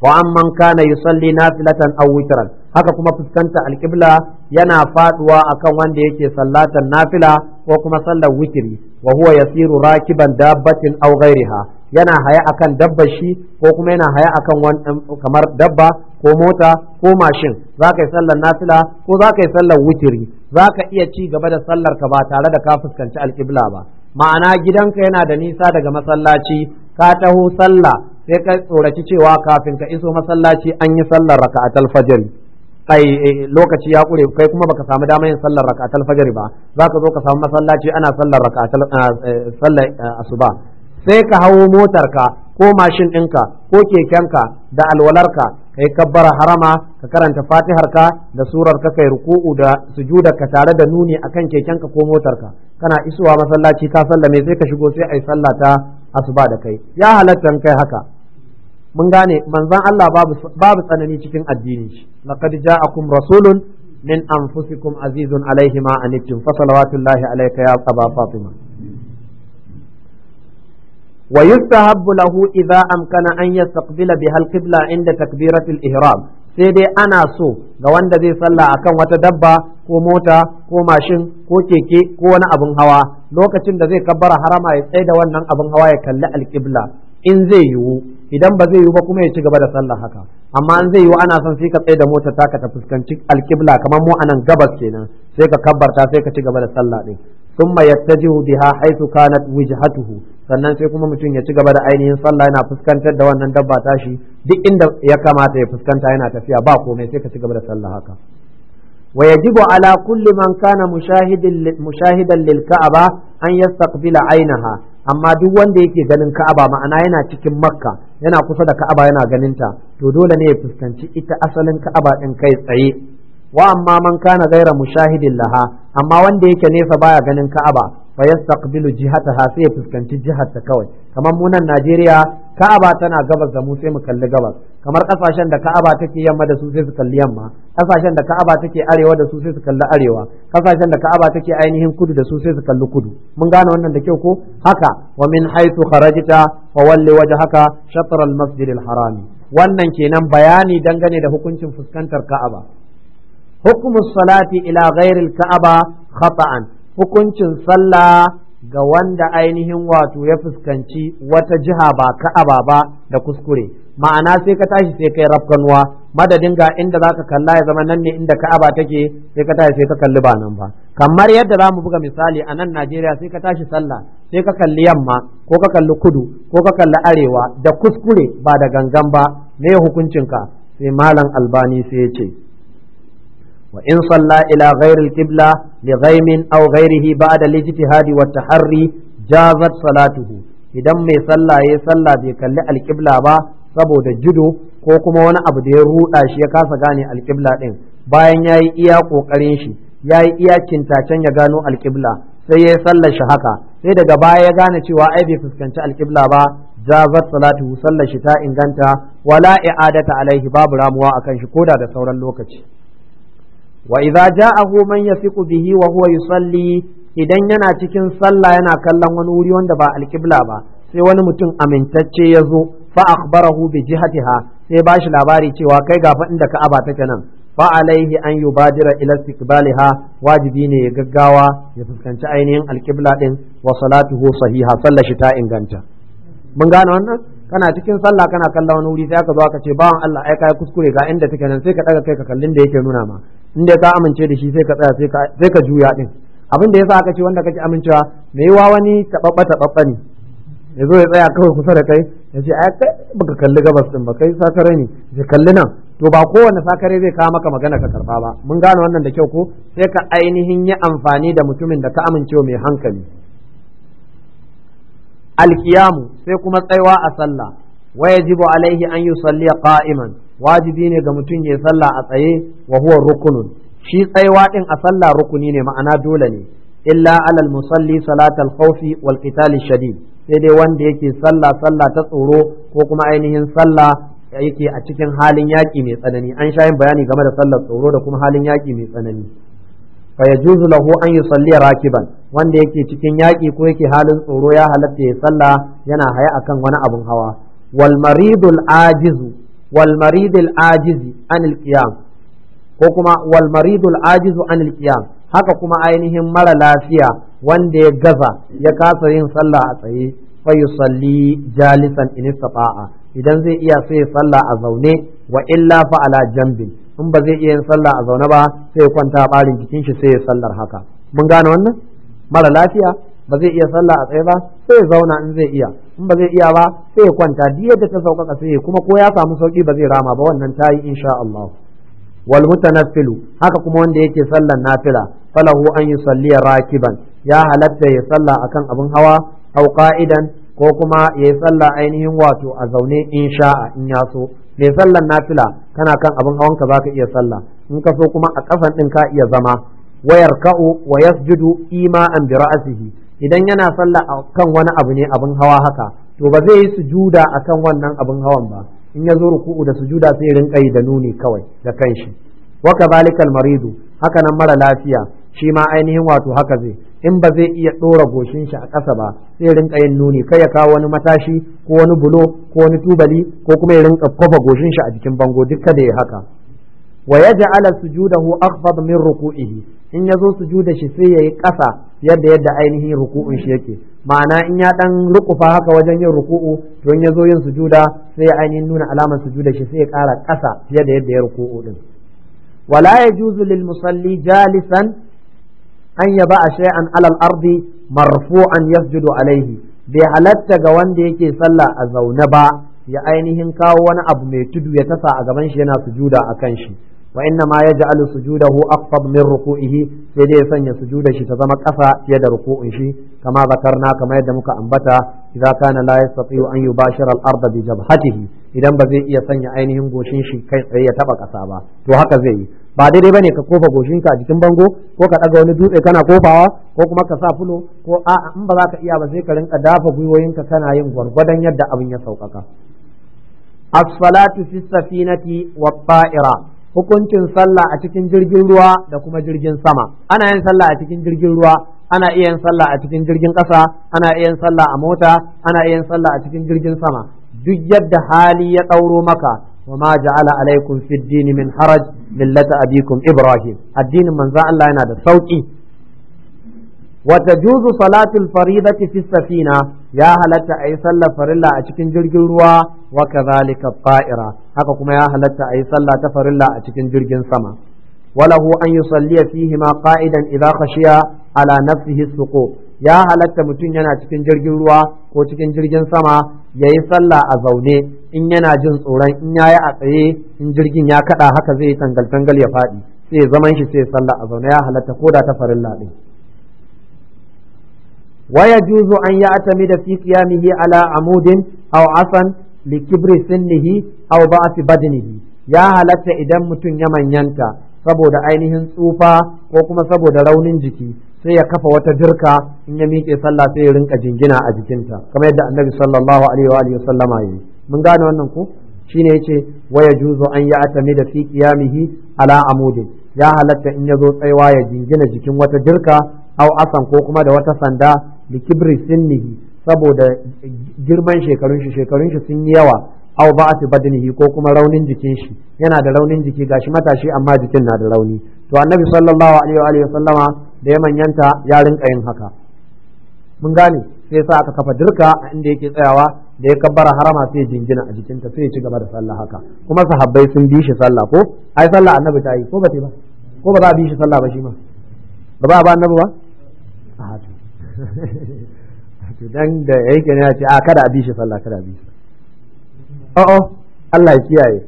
wa amman kana yusalli nafilatan aw witran haka kuma fuskanta alqibla yana faduwa akan wanda yake sallatan nafila ko kuma sallar witri wa huwa yasiru rakiban dabbatin aw ghairiha yana haya akan dabbar shi ko kuma yana haya akan wani kamar dabba ko mota ko mashin zaka yi sallar nafila ko za yi sallar witri zaka iya ci gaba da sallar ka ba tare da ka fuskanci alƙibla ba ma'ana gidanka yana da nisa daga masallaci ka taho sallah sai ka tsoraci cewa kafin ka iso masallaci an yi sallar raka'atul fajr kai eh, eh, lokaci ya kure kai kuma baka samu damar yin sallar raka'atul fajr ba zaka zo ka samu masallaci ana sallar raka'atul ah, eh, sallar ah, asuba sai ka hawo motarka ko mashin ɗinka ko kekenka da alwalarka kai kabbara harama ka karanta fatiharka da surar ka kai ruku'u da sujuda ka tare da nuni akan kekenka ko motarka kana isowa masallaci ka sallame sai ka shigo sai ai sallata asuba da kai ya halatta kai haka mun gane manzon Allah babu tsanani cikin addinin shi laqad ja'akum rasulun min anfusikum azizun alaihi ma anittum fa salawatullahi alayka ya aba fatima wa yustahabbu lahu idza amkana an yastaqbila biha al-qibla inda takbiratul ihram sai dai ana so ga wanda zai sallah akan wata dabba ko mota ko mashin ko keke ko wani abin hawa lokacin da zai kabbara harama ya tsaye da wannan abin hawa ya kalli alƙibla in zai yiwu idan ba zai yi ba kuma ya ci gaba da sallah haka amma an zai yi ana son sai ka tsaye da motar ka ta fuskanci alkibla kamar mu anan gabas kenan sai ka kabbarta sai ka ci gaba da sallah din thumma yattajihu biha haythu kanat wijhatuhu sannan sai kuma mutum ya ci gaba da ainihin sallah yana fuskantar da wannan dabba shi duk inda ya kamata ya fuskanta yana tafiya ba komai sai ka ci gaba da sallah haka wa yajibu ala kulli man kana mushahidan mushahidan lil ka'aba an yastaqbila ainaha amma duk wanda yake ganin ka'aba ma'ana yana cikin makka yana kusa da ka'aba yana ganin ta to dole ne ya fuskanci ita asalin ka'aba din kai tsaye wa amma man kana gaira mushahidin laha amma wanda yake nesa baya ganin ka'aba fa yastaqbilu jihataha sai ya fuskanci jihar ta kawai kamar mu nan Najeriya Ka'aba tana gabas da mu sai mu kalli gabas kamar kasashen da Ka'aba take yamma da su sai su kalli yamma kasashen da Ka'aba take arewa da su sai su kalli arewa kasashen da Ka'aba take ainihin kudu da su sai su kalli kudu mun gane wannan da kyau ko haka wa min haythu kharajta fawalli wajhaka shatr al-masjid al-haram wannan kenan bayani dangane da hukuncin fuskantar Ka'aba hukumus salati ila ghairi al-Ka'aba khata'an hukuncin sallah ga wanda ainihin wato ya fuskanci wata jiha ba ka'aba ba da kuskure ma'ana sai ka tashi sai kai rafkanuwa madadin ga inda za ka kalla ya zama nan ne inda ka'aba take sai ka tashi sai ka kalli ba nan ba kamar yadda za mu buga misali a nan Najeriya sai ka tashi sallah sai ka kalli yamma ko ka kalli kudu ko ka kalli arewa da kuskure ba da gangan ba hukuncin ka sai malam albani sai ya ce wa in salla ila ghairil qibla li ghaimin aw ghairihi ba'da lijtihadi wa tahri jazat salatuhu idan mai sallah sallah bai kalli alqibla ba saboda jido ko kuma wani abu da ya ruɗa shi ya kasa gane alƙibla ɗin bayan ya yi iya ƙoƙarin shi ya yi iya kintacen ya gano alƙibla sai ya sallar shi haka sai daga baya ya gane cewa ai bai fuskanci alƙibla ba jazat salatu sallar shi ta inganta wala i'adata alaihi babu ramuwa akan shi ko da da sauran lokaci wa idza ja'ahu man yasiqu bihi wa huwa yusalli idan yana cikin sallah yana kallon wani wuri wanda ba alƙibla ba sai wani mutum amintacce ya zo fa akhbarahu bi jihatiha sai bashi labari cewa kai ga fa inda ka'aba take nan fa alaihi an yubadira ila istiqbaliha wajibi ne ya gaggawa ya fuskanci ainihin alqibla din wa salatuhu sahiha sallashi ta inganta mun gane wannan kana cikin sallah kana kallon wani wuri sai aka zo aka ce bawan Allah ai kai kuskure ga inda take nan sai ka daga kai ka kallin da yake nuna ma in ka amince da shi sai ka tsaya sai ka juya din abin da yasa aka ce wanda kake amincewa me yawa wani tababba tababba ne ya zo ya tsaya kawai kusa da kai ya ce ai kai baka kalli gabas din ba kai sakare ne ya kalli nan to ba kowane sakare zai kawo maka magana ka karba ba mun gane wannan da kyau ko sai ka ainihin yi amfani da mutumin da ka amincewa mai hankali alkiyamu sai kuma tsaiwa a sallah wa yajibu alaihi an yusalli qa'iman wajibi ne ga mutum ya sallah a tsaye wa huwa rukunun shi tsaiwa din a sallah rukuni ne ma'ana dole ne illa alal musalli salatal khawfi wal qitali shadid sai dai wanda yake sallah sallah ta tsoro ko kuma ainihin sallah yake a cikin halin yaƙi mai tsanani an sha yin bayani game da sallar tsoro da kuma halin yaƙi mai tsanani fa yajuzu lahu an yusalli rakiban wanda yake cikin yaƙi ko yake halin tsoro ya halatta ya sallah yana haya akan wani abun hawa wal maridul ajizu wal maridul ajizi anil qiyam ko kuma wal maridul ajizu anil qiyam haka kuma ainihin mara lafiya wanda ya gaza ya kasa yin sallah a tsaye fa yusalli jalisan in istata'a idan zai iya sai ya sallah a zaune wa illa fa ala jambin in ba zai iya yin sallah a zaune ba sai ya kwanta barin jikin shi sai ya sallar haka mun gane wannan mara lafiya ba zai iya sallah a tsaye ba sai ya zauna in zai iya in ba zai iya ba sai ya kwanta duk yadda ta sauƙaƙa sai kuma ko ya samu sauƙi ba zai rama ba wannan tayi insha Allah wal mutanaffilu haka kuma wanda yake sallan nafila falahu an yusalliya rakiban ya halatta ya sallah akan abin hawa au qa'idan ko kuma ya yi sallah ainihin wato a zaune in sha'a in ya so Me sallan nafila kana kan abin ka za ka iya sallah in ka so kuma a kasan ɗin ka iya zama wayar ka'u wa yasjudu ima'an bi ra'sihi idan yana sallah kan wani abu ne abin hawa haka to ba zai yi sujuda akan wannan abin hawan ba in ya zo ruku'u da sujuda sai rinka yi da nuni kawai da kanshi wa kadhalika al-maridu haka nan mara lafiya shi ma ainihin wato haka zai in ba zai iya ɗora goshin shi a ƙasa ba sai rinka yin nuni kai ya kawo wani matashi ko wani bulo ko wani tubali ko kuma ya rinka kwafa goshin shi a jikin bango duk kada ya haka wa yaj'ala sujudahu akhfad min ruku'ihi in yazo sujuda shi sai yayi ƙasa yadda yadda ainihin ruku'un shi yake ma'ana in ya dan rukufa haka wajen yin ruku'u don yazo yin sujuda sai ya ainihin nuna alamar sujuda shi sai ya ƙara ƙasa yadda yadda ya ruku'u din wala yajuzu lil musalli jalisan an yaba a shay'an alal ardi marfu'an yasjudu alaihi bai halatta ga wanda yake sallah a zaune ba ya ainihin kawo wani abu mai tudu ya tasa a gaban shi yana sujuda a kan shi wa inna ma yaj'alu sujudahu aqfad min ruku'ihi sai dai ya sanya sujudar shi ta zama ƙasa fiye da ruku'in shi kama zakarna kamar yadda muka ambata idza kana la yastati'u an yubashira al-ardha bi jabhatihi idan ba zai iya sanya ainihin goshin shi kai tsaye ya taba ƙasa ba to haka zai yi ba daidai bane ka kofa goshinka a jikin bango ko ka daga wani dutse kana kofawa ko kuma ka sa fulo ko a in ba za ka iya ba sai ka rinka dafa gwiwoyinka kana yin gwargwadon yadda abin ya sauƙaƙa as-salatu fi safinati wa ta'ira hukuncin sallah a cikin jirgin ruwa da kuma jirgin sama ana yin sallah a cikin jirgin ruwa ana iya yin sallah a cikin jirgin ƙasa ana iya yin sallah a mota ana iya yin sallah a cikin jirgin sama duk yadda hali ya ɗauro maka وما جعل عليكم في الدين من حرج ملة أبيكم إبراهيم الدين من ذا الله ينادى سوقي وتجوز صلاة الفريضة في السفينة يا هلت أي صلى فرلا أتكن جرج الروا وكذلك الطائرة حقكم يا هلت أي صلى تفرلا أتكن جرج سما وله أن يصلي فيهما قائدا إذا خشي على نفسه السقوط ya halatta mutum yana cikin jirgin ruwa ko cikin jirgin sama ya yi sallah a zaune in yana jin tsoron in yayi a tsaye in jirgin ya kada haka zai tangal tangal ya faɗi sai zaman shi sai sallah a zaune ya halatta ko da ta farin din waya juzo an ya atami da fi qiyamihi ala amudin Au asan li kibri sinnihi aw ba'si badnihi ya halatta idan mutum ya manyanta saboda ainihin tsufa ko kuma saboda raunin jiki sai ya kafa wata jirka in ya miƙe sallah sai ya rinka jingina a jikinta kamar yadda annabi sallallahu alaihi wa sallama yi mun gane wannan ko shine yace waya juzu an ya atami da fi qiyamihi ala amudin ya halatta in yazo tsaiwa ya jingina jikin wata dirka au asan ko kuma da wata sanda li kibri sinnihi saboda girman shekarun shi shekarun shi sun yi yawa au ba'ati badnihi ko kuma raunin jikin shi yana da raunin jiki gashi matashi amma jikin na da rauni to annabi sallallahu alaihi wa sallama da ya manyanta ya rinka yin haka mun gane sai sa aka kafa dirka inda yake tsayawa da ya kabbara harama sai jingina a jikinta sai ya ci gaba da sallah haka kuma sahabbai sun bi shi sallah ko ai sallah annabi ta yi ko ba ta ba ko ba za a bi shi sallah ba shi ma ba ba ba annabi ba a hatu <laughs> to dan da yake ne ya ce a kada a bi shi sallah kada a bi o o oh, oh, Allah ya kiyaye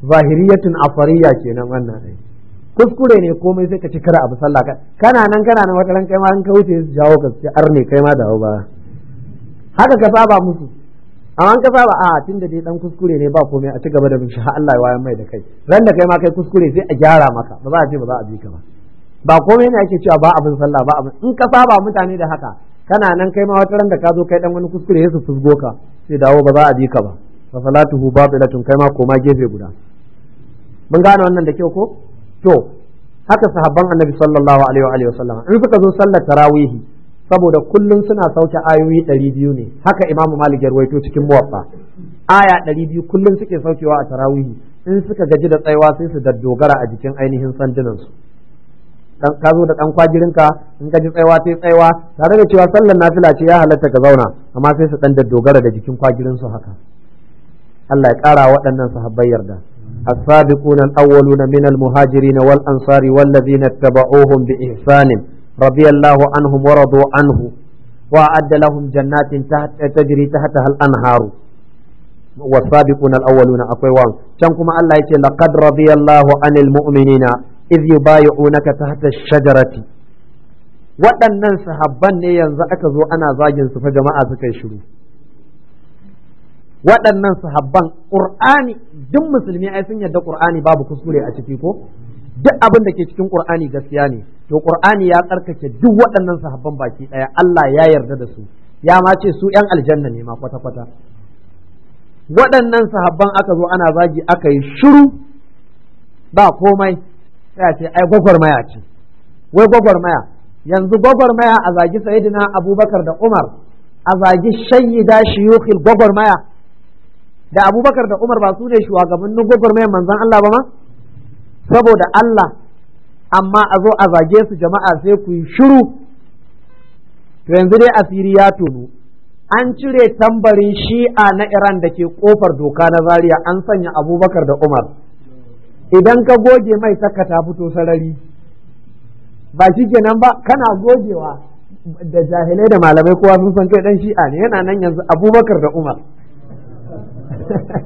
zahiriyatun afariya kenan wannan dai kuskure ne komai sai ka ci kara abu sallah ka kana nan kana nan wata ran kai ma an kauce su jawo ka ce arne kai ma dawo ba haka ka saba musu A kasa saba a tun da dai dan kuskure ne ba komai a ci gaba da bin shi Allah ya wayan mai da kai ran da kai ma kai kuskure sai a gyara maka ba za a ce ba za a bi ka ba ba komai ne ake cewa ba abin sallah ba abin in ka saba mutane da haka kana nan kai ma wata ran da ka zo kai dan wani kuskure sai su fusgo ka sai dawo ba za a bi ka ba fa salatuhu babilatun kai ma koma gefe guda mun gane wannan da kyau ko to haka sahabban annabi sallallahu alaihi wa sallam in suka zo sallar tarawihi saboda kullum suna sauke ayoyi ɗari biyu ne haka imamu malik ya rawaito cikin muwaffa aya ɗari biyu kullum suke saukewa a tarawihi in suka gaji da tsayawa sai su daddogara a jikin ainihin sandunansu ka zo da ɗan kwajirinka in ka ji sai tsayawa tare da cewa sallar nafila ce ya halatta ka zauna amma sai su ɗan daddogara da jikin kwajirinsu haka Allah ya ƙara waɗannan sahabbai yarda Minal السابقون الأولون من المهاجرين والأنصار والذين اتبعوهم بإحسان رضي الله عنهم ورضوا عنه وأعد لهم جنات تحت تجري تحتها الأنهار والسابقون الأولون أقوام كم الله يتي لقد رضي الله عن المؤمنين إذ يبايعونك تحت الشجرة waɗannan sahabban ne yanzu aka zo ana zagin su fa jama'a suka yi shiru waɗannan sahabban ƙur'ani duk musulmi ai sun yarda ƙur'ani babu kuskure a ciki ko duk abin da ke cikin ƙur'ani gaskiya ne to qur'ani ya tsarkake duk waɗannan sahabban baki ɗaya Allah ya yarda da su ya ma ce su ƴan aljanna ne ma kwata kwata waɗannan sahabban aka zo ana zagi aka yi shiru ba komai sai a ce ai gwagwarmaya ce wai gwagwarmaya yanzu gwagwarmaya a zagi sayyidina abubakar da umar a zagi shayyida shiyukhil gwagwarmaya da abubakar da umar ba su ne shugabannin gwagwarmayar manzon Allah ba ma saboda Allah amma a zo a zage su jama'a sai ku yi shiru to yanzu dai asiri ya tonu an cire tambarin shi'a na iran da ke kofar doka na Zariya an sanya abubakar da umar idan ka goge mai saka ta fito sarari ba shi kenan ba kana gogewa da jahilai da malamai kowa sun san kai dan shi'a ne yana nan yanzu abubakar da umar <laughs>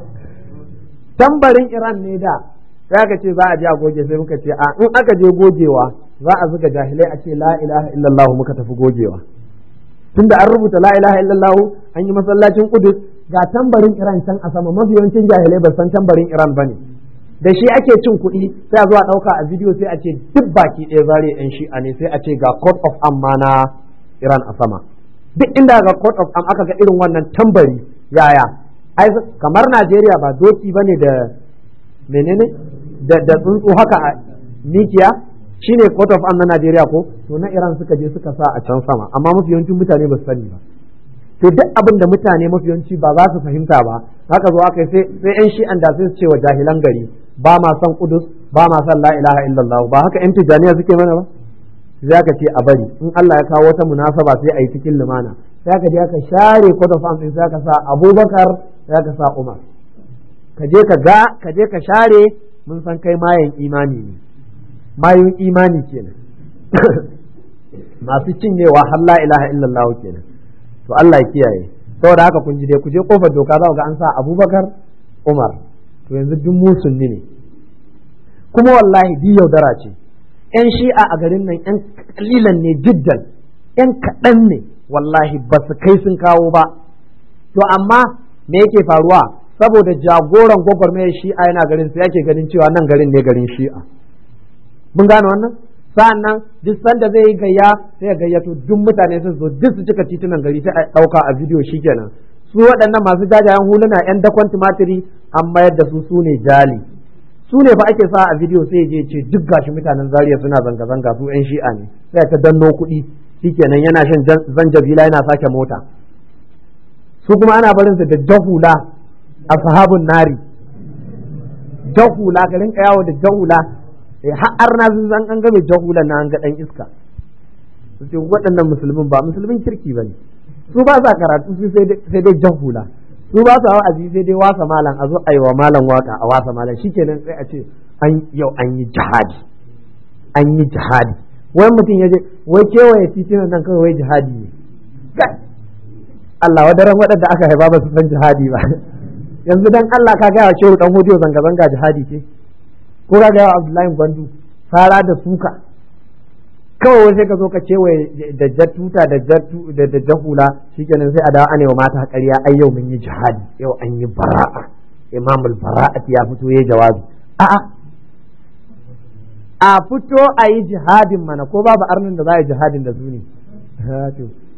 tambarin iran ne da sai aka ce za a je a goge sai muka ce a in aka je gogewa za a zuga jahilai a ce la ilaha illallah muka tafi gogewa tunda an rubuta la ilaha illallah an yi masallacin kudus ga tambarin iran can a sama mafi yawancin jahilai ba san tambarin iran ba ne da shi ake cin kuɗi sai a zuwa ɗauka a bidiyo sai a ce duk baki ɗaya zare yan a ne sai a ce ga court of am ma na iran a sama duk inda ga court of am aka ga irin wannan tambari yaya kamar najeriya ba doki ba ne da menene da tsuntsu haka a mikiya shine court of arm na Najeriya ko to na Iran suka je suka sa a can sama amma mafi yawancin mutane ba su sani ba to duk abin da mutane mafi yawanci ba za su fahimta ba haka zo aka sai sai yan shi'an da sai su ce wa jahilan gari ba ma san kudus ba ma san la ilaha illallah ba haka yan tijaniya suke mana ba sai aka ce a bari in Allah ya kawo wata munasaba sai a yi cikin lumana sai aka je aka share court of arms sai aka sa Abubakar sai aka sa Umar ka je ka ga ka je ka share mun san kai mayan imani ne mayun imani kenan <coughs> masu cinyewa har la ilaha illallah kenan to Allah ya kiyaye saboda haka kun ji dai ku je kofar doka za ku ga an sa Abubakar Umar to yanzu duk musulmi ne kuma wallahi di yaudara ce yan shi'a a garin nan yan ƙalilan ne jiddan yan kaɗan ne wallahi ba su kai sun kawo ba to amma me yake faruwa saboda jagoran gwagwarmaya shi'a yana garin su yake ganin cewa nan garin ne garin shi'a mun gane wannan sa'annan duk sanda zai yi gayya sai ya gayyato duk mutane sun zo duk su cika titunan gari ta ɗauka a bidiyo shi kenan, su waɗannan masu jajayen huluna yan dakon tumatiri an mayar da su su ne jali su ne fa ake sa a bidiyo sai ya je ce duk gashi mutanen zaria suna zanga-zanga su yan shi'a ne sai ta danno kuɗi shikenan yana shan zanjabila yana sake mota su kuma ana barin su da hula ashabun nari jahula ka rinka yawo da jahula eh, har na zan an game jahula na an ga dan iska su ce waɗannan musulmin ba musulmin kirki ba ne su ba sa karatu su sai dai jahula su ba sa wa'azi sai dai wasa malam a zo a yi wa malam waka a wasa malam shikenan sai a ce an yau an yi jihadi an yi jihadi wai mutum ya je wai kewaye titunan nan kawai wai jihadi ne Allah wadaran waɗanda aka haifa ba su san jihadi ba yanzu dan Allah ka gaya wa shehu dan hodiyo zanga zanga jihadi ce ko ka gaya wa Abdullahi Gwandu fara da suka kawai wai sai ka zo ka ce wai da jattuta da jattu da da jahula shikenan sai a dawo ana wa mata ƙarya ai yau mun yi jihadi yau an yi bara'a imamul bara'at ya fito yayi jawabi a'a a fito a yi jihadin mana ko babu arnin da za a yi jihadin da su ne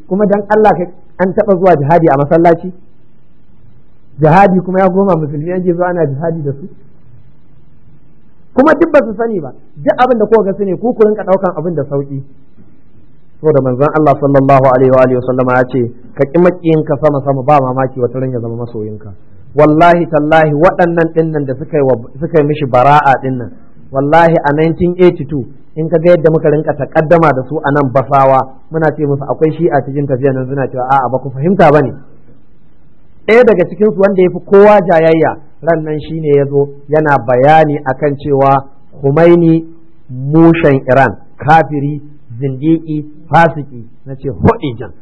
kuma dan Allah an taɓa zuwa jihadi a masallaci jihadi kuma ya goma musulmi an zo ana jihadi da su kuma duk ba su sani ba duk abin da kuka ga su ne ku rinka daukan abin da sauki saboda manzon Allah sallallahu alaihi wa alihi ya ce ka ki ka sama sama ba mamaki wata ran ya zama masoyinka wallahi tallahi waɗannan dinnan da suka yi mishi bara'a dinnan wallahi a 1982 in ka ga yadda muka rinka takaddama da su a nan basawa muna ce musu akwai shi a cikin tafiya nan suna cewa a'a ba ku fahimta bane ɗaya daga cikin su wanda fi kowa jayayya ran nan shine zo yana bayani akan cewa Khomeini mushan Iran kafiri zindiki fasiki nace jan.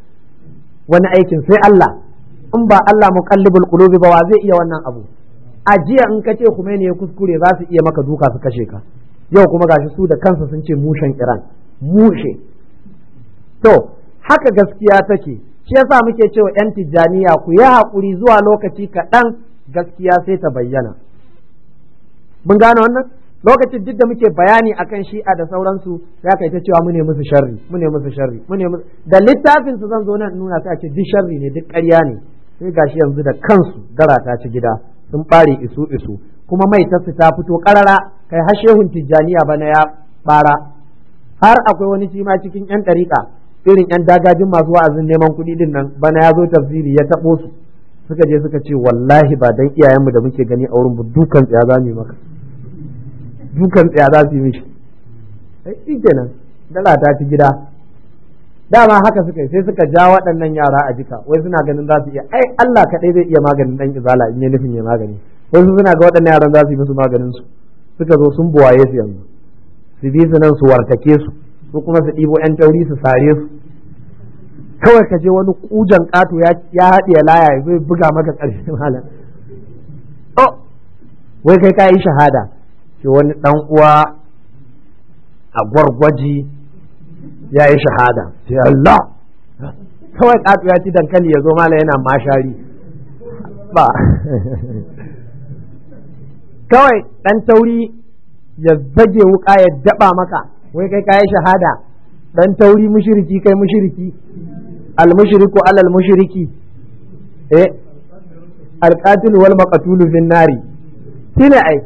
wani aikin sai Allah in ba Allah muqallibul qulubi ba wa zai iya wannan abu a jiya in kace Khomeini ya kuskure za su iya maka duka su kashe ka yau kuma gashi su da kansa sun ce mushan Iran mushe to haka gaskiya take shi yasa muke cewa yan tijjaniya ku yi haƙuri zuwa lokaci kaɗan gaskiya sai ta bayyana mun gane wannan lokacin duk da muke bayani akan shi'a da sauransu ya kai ta cewa mune musu sharri mune musu sharri mune musu da littafin su zan zo nan nuna sai ce duk sharri ne duk ƙarya ne sai gashi yanzu da kansu gara ta ci gida sun ɓare isu isu kuma mai tasu ta fito ƙarara kai har shehun tijjaniya na ya ɓara har akwai wani shi ma cikin yan ɗariƙa irin yan dagajin masu wa'azin neman kuɗi din nan bana ya zo tafsiri ya taɓo su suka je suka ce wallahi ba dan iyayenmu da muke gani a wurin dukan tsaya za mu yi maka dukan tsaya za su yi mishi sai shi kenan dala ta ci gida dama haka suka yi sai suka ja waɗannan yara a jika wai suna ganin za su iya ai Allah kaɗai zai iya maganin ɗan izala in yi nufin ya magani wasu suna ga waɗannan yaran za su yi musu maganin su suka zo sun buwaye su yanzu su bi su nan su wartake su su kuma su ɗibo 'yan tauri su sare su kawai ka je wani kujan ƙato ya haɗe ya laya zai buga maka ƙarshe <laughs> malam O oh! wai kai ka yi shahada ce wani ɗan uwa a gwargwaji ya yi shahada sai Allah kawai ƙato ya ci dankali ya zo malam yana mashari ba <laughs> kawai ɗan tauri ya zage wuƙa ya daɓa maka wai kai kayi shahada dan tauri mushriki kai mushriki al mushriku alal mushriki eh al qatil wal maqtul fin nari shine ai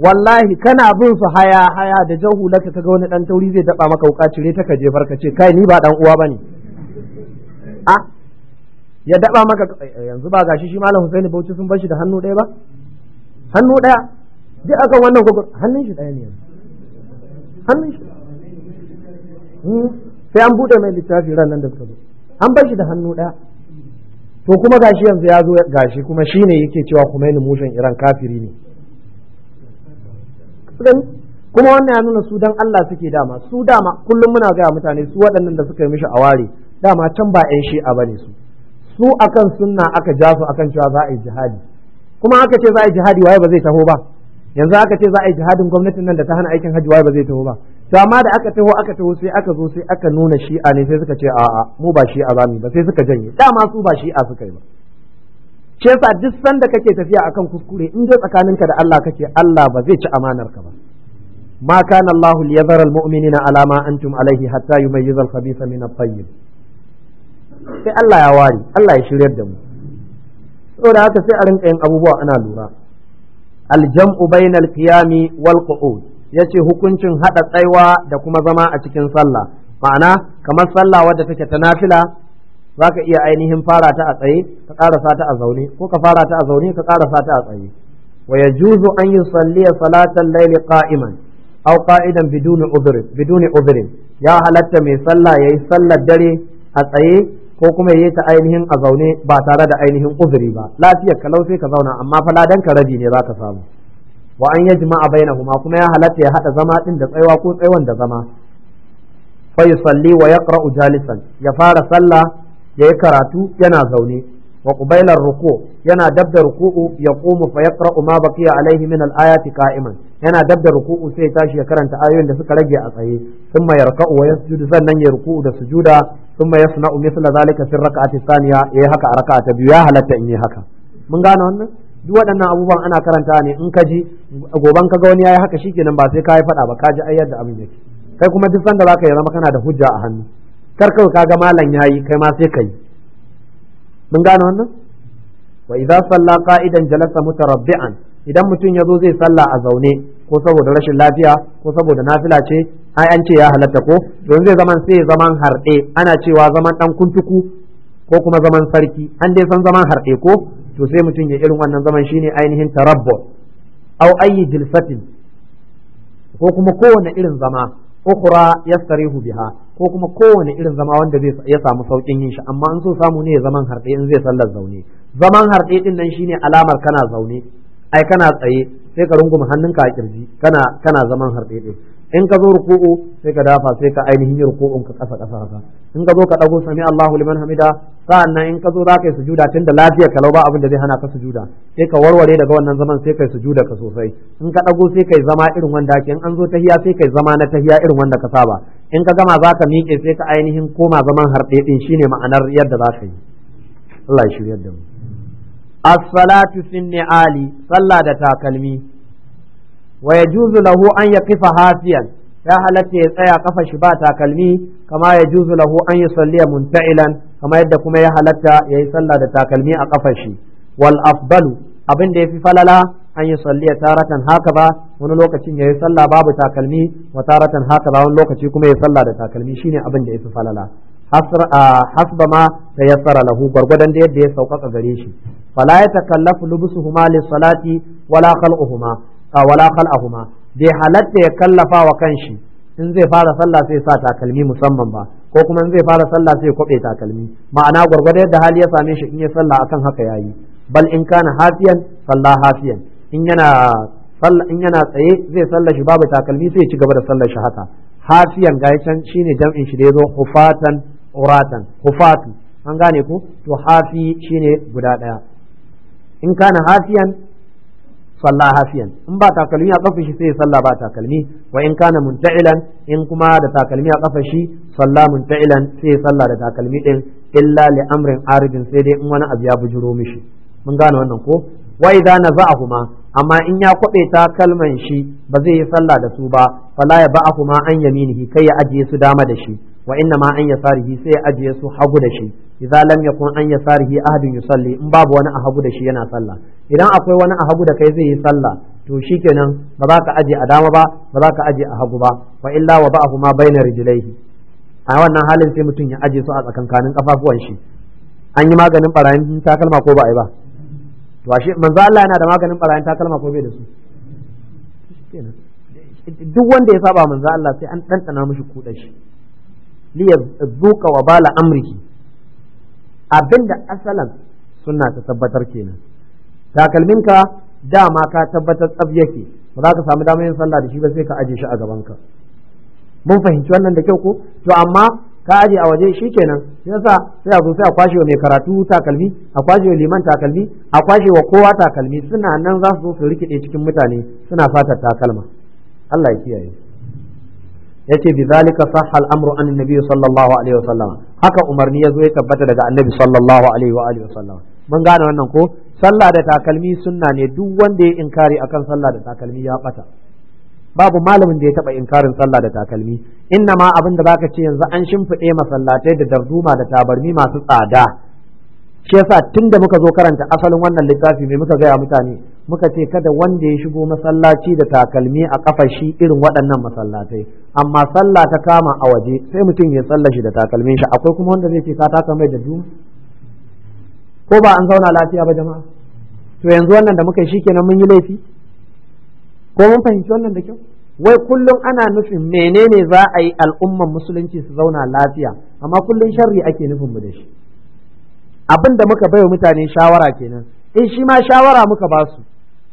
wallahi kana bin su haya haya da jahulaka kaga wani dan tauri zai daba maka wuka cire ta kaje farka ce kai ni ba dan uwa bane a ya daba maka eh, yanzu ba gashi shi malam Husaini Bauchi sun bar shi da hannu ɗaya ba hannu ɗaya duk akan wannan hannun shi ɗaya ne yanzu hannun shi sai an buɗe mai littafi ranar da suka zo an bar shi da hannu ɗaya to kuma gashi yanzu ya zo gashi kuma shi ne yake cewa kuma yin mushin Iran kafiri ne kuma wannan ya nuna su dan Allah suke dama su dama kullum muna gaya mutane su waɗannan da suka yi mishi ware. dama can ba 'yan shi'a ne su su akan sunna aka ja su akan cewa za a yi jihadi kuma aka ce za a yi jihadi waye ba zai taho ba yanzu aka ce za a yi jihadin gwamnatin nan da ta hana aikin hajji ba zai taho ba to amma da aka taho aka taho sai aka zo sai aka nuna shi'a ne sai suka ce a'a mu ba shi'a zamu ba sai suka janye dama su ba shi'a suka yi ba ce sa duk sanda kake tafiya akan kuskure in dai tsakaninka da Allah kake Allah ba zai ci amanar ka ba ma kana Allah liyazara almu'minina ala ma antum alaihi hatta yumayyiza al-khabitha min at-tayyib sai Allah ya wari Allah ya shiryar da mu saboda haka sai a rinka yin abubuwa ana lura aljam'u bainal qiyami wal qu'ud yace hukuncin hada tsaiwa da kuma zama a cikin sallah ma'ana kamar sallah wadda take ta nafila zaka iya ainihin fara ta a tsaye ka karasa ta a zaune ko ka fara ta a zaune ka karasa ta a tsaye wa yajuzu an yusalliya salatan laili qa'iman aw qa'idan biduni udhrin biduni ya halatta mai sallah yayi sallar dare a tsaye ko kuma yayi ta ainihin a zaune ba tare da ainihin uzuri ba lafiyar kalau sai ka zauna amma fa ladan ka rabi ne ka samu wa an yajma'a bainahuma kuma ya halatta ya hada zama din da tsaiwa ko tsaiwan da zama fa yusalli wa yaqra'u jalisan ya fara sallah yayi karatu yana zaune wa qubayla ruku yana dabda ruku'u yaqumu fa yaqra'u ma baqiya alaihi min al-ayati qa'iman yana dabda ruku'u sai ya tashi ya karanta ayoyin da suka rage a tsaye thumma yarka'u wa yasjudu sannan ya ruku'u da sujuda ثم يصنع مثل ذلك في ايه هكا ركعه ركعة يا هل تأني هكا من غانا wannan duk waɗannan abubuwan ana karanta ne in ka ji goban ka ga wani yayi haka shikenan ba sai ka yi faɗa ba ka ji ai da abin yake kai kuma duk sanda zaka yi zama kana da hujja a hannu kar kawai ka ga malam yayi kai ma sai ka yi mun gane wannan wa idza salla qa'idan jalasa mutarabbi'an idan mutum ya zo zai salla a zaune ko saboda rashin lafiya ko saboda nafila ce ai an ce ya halatta ko don zai zaman sai zaman harɗe ana cewa zaman dan kuntuku ko kuma zaman sarki an dai san zaman harɗe ko to sai mutum ya irin wannan zaman shine ainihin tarabbu au ayi jilfatin ko kuma kowane irin zama ukhra yastarihu biha ko kuma kowane irin zama wanda zai ya samu saukin yin shi amma an so samu ne zaman harɗe in zai sallar zaune zaman harɗe din nan shine alamar kana zaune ai kana tsaye sai ka rungume hannunka a kirji kana kana zaman harɗeɗe in ka zo ruku'u sai ka dafa sai ka ainihin yi ruku'un ka ƙasa ƙasa haka in ka zo ka ɗago sami Allahu liman hamida sa'annan in ka zo za ka yi sujuda tunda da lafiyar kalau ba abin da zai hana ka sujuda sai ka warware daga wannan zaman sai kai sujuda ka sosai in ka ɗago sai kai zama irin wanda ake in an zo tahiya sai ka kai zama na tahiya irin wanda ka saba in ka gama za ka miƙe sai ka ainihin koma zaman harɗeɗe shine ma'anar yadda za ka yi Allah ya shiryar da mu as-salatu Ali sallah da takalmi wa yajuzu lahu an yaqifa hasiyan ya halatta ya tsaya kafa shi ba takalmi kama ya juzu lahu an yusalliya munta'ilan kama yadda kuma ya halatta yayi yi sallah da takalmi a kafa shi wal afdalu abin da yafi falala an yusalliya taratan haka ba wani lokacin yayi yi sallah babu takalmi wa taratan haka ba wani lokaci kuma ya yi da takalmi shine abin da yafi falala hasra ah, hasbama ta lahu gwargwadon da yadda ya sauƙaƙa gare shi Bala ya takallafu lubusuhuma li salati wala khalquhuma bai halatta ya kallafa wa kanshi in zai fara sallah sai sa takalmi musamman ba ko kuma in zai fara sallah sai kwabe takalmi ma'ana gwargwado yadda hali ya same shi in ya sallah akan haka yayi bal in kana hafiyan sallah hafiyan in yana in yana tsaye zai sallar shi babu takalmi sai ya ci gaba da sallar shi haka hafiyan ga can shine jam'in shi da yazo hufatan uratan hufatu an gane ku to hafi shine guda daya in kana hafiyan salla hafiyan in ba takalmi a kafa shi sai salla ba takalmi wa in kana munta'ilan in kuma da takalmi a kafa shi salla munta'ilan sai salla da takalmi din illa li amrin aridin sai dai in wani abu ya bujuro mishi mun gane wannan ko wa idza naza'ahuma amma in ya kwabe takalman shi ba zai yi salla da su ba fala ya ba'ahuma an yaminihi kai ya ajiye su dama da shi wa inna ma an yasarihi sai ya ajiye su hagu da shi idza lam yakun an yasarihi ahadun yusalli in babu wani a hagu da shi yana sallah idan akwai wani a hagu da kai zai yi sallah to shikenan ba za ka aje a dama ba ba za ka aje a hagu ba wa illa wa ba'ahu ma baina rijlaihi a wannan halin sai mutum ya aje su a tsakankanin kafafuwan shi an yi maganin barayin takalma ko ba ai yi ba to ashe manzo Allah yana da maganin barayin takalma ko bai da su duk wanda ya saba manzo Allah sai an tantana mishi kuɗa shi wa Bala amrihi abinda asalan sunna ta tabbatar kenan takalminka dama ka tabbatar tsab yake ba za ka samu damar yin sallah da shi ba sai ka aje shi a ka. mun fahimci wannan da kyau ko to amma ka aje a waje shi kenan yasa sai a zo sai a kwashe wa mai karatu takalmi a kwashe wa liman takalmi a kwashe wa kowa takalmi suna nan za su zo su rikide cikin mutane suna fatar takalma Allah ya kiyaye yace bi zalika sahal al-amru an nabi sallallahu alaihi wasallam haka umarni zo ya tabbata daga annabi sallallahu alaihi wa alihi mun gane wannan ko sallah da takalmi sunna ne duk wanda ya inkari akan sallah da takalmi ya bata babu malamin da ya taba inkarin sallah da takalmi inna ma abin da baka ce yanzu an shimfiɗe masallatai da darduma da tabarmi masu tsada shi yasa tunda muka zo karanta asalin wannan littafi me muka gaya mutane muka ce kada wanda ya shigo masallaci da takalmi a kafa shi irin waɗannan masallatai amma sallah ta kama a waje sai mutum ya tsalla shi da takalmin shi akwai kuma wanda zai ce ka taka mai da duma ko ba an zauna lafiya ba jama'a to yanzu wannan da muka yi kenan mun yi laifi ko mun fahimci wannan da kyau wai kullum ana nufin menene za a yi al'umman musulunci su zauna lafiya amma kullum sharri ake nufin mu da shi abin da muka wa mutane shawara kenan in shi ma shawara muka basu.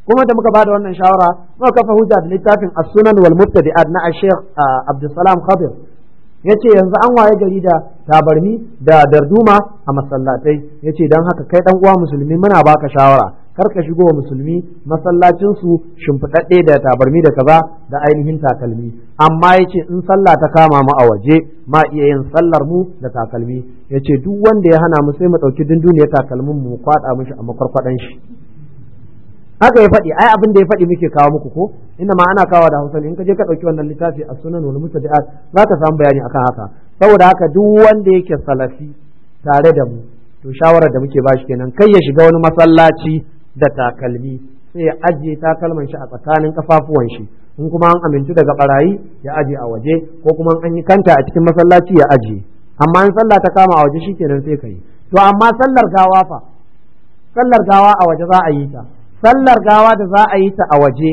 kuma da muka bada wannan shawara muka kafa hujja da littafin as-sunan wal mubtadi'at na Sheikh Abdulsalam Khadir yace yanzu an waye gari da tabarmi da darduma a masallatai yace dan haka kai dan uwa musulmi muna baka shawara kar ka shigo wa musulmi masallacin su shimfiɗaɗɗe da tabarmi da kaza da ainihin takalmi amma yace in sallah ta kama mu a waje ma iya yin sallar mu da takalmi yace duk wanda ya hana mu sai mu ɗauki dunduniyar takalmin mu kwaɗa mishi a makwarkwaɗan shi haka ya faɗi ai abin da ya faɗi muke kawo muku ko inda ma ana kawo da Hausa in ka je ka ɗauki wannan littafi a sunan wal da za ka samu bayani akan haka saboda haka duk wanda yake salafi tare da mu to shawarar da muke bashi kenan kai ya shiga wani masallaci da takalmi sai ya ajiye takalman shi a tsakanin kafafuwan shi in kuma an amintu daga barayi ya aje a waje ko kuma an yi kanta a cikin masallaci ya aje amma in sallah ta kama a waje shikenan sai kai to amma sallar gawa fa sallar gawa a waje za a yi ta sallar gawa da za a yi ta a waje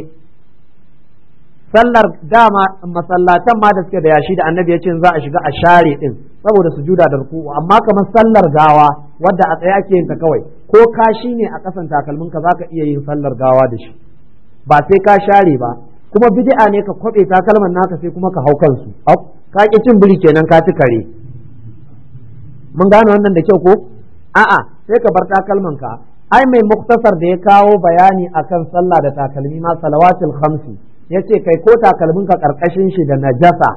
sallar dama masallatan ma da suke da yashi da annabi ya ce za a shiga a share ɗin saboda sujuda da ruku'u amma kamar sallar gawa wadda a tsaye ake yin ta kawai ko kashi ne a kasan takalmin ka zaka iya yin sallar gawa da shi ba sai ka share ba kuma bidi'a ne ka kwabe takalman naka sai kuma ka hau kansu ka ki cin biri kenan ka ci kare mun gane wannan da kyau ko a'a sai ka bar takalman ka ai mai muktasar da ya kawo bayani akan sallah da takalmi ma salawatul khamsi yace kai ko takalmin ka karkashin shi da najasa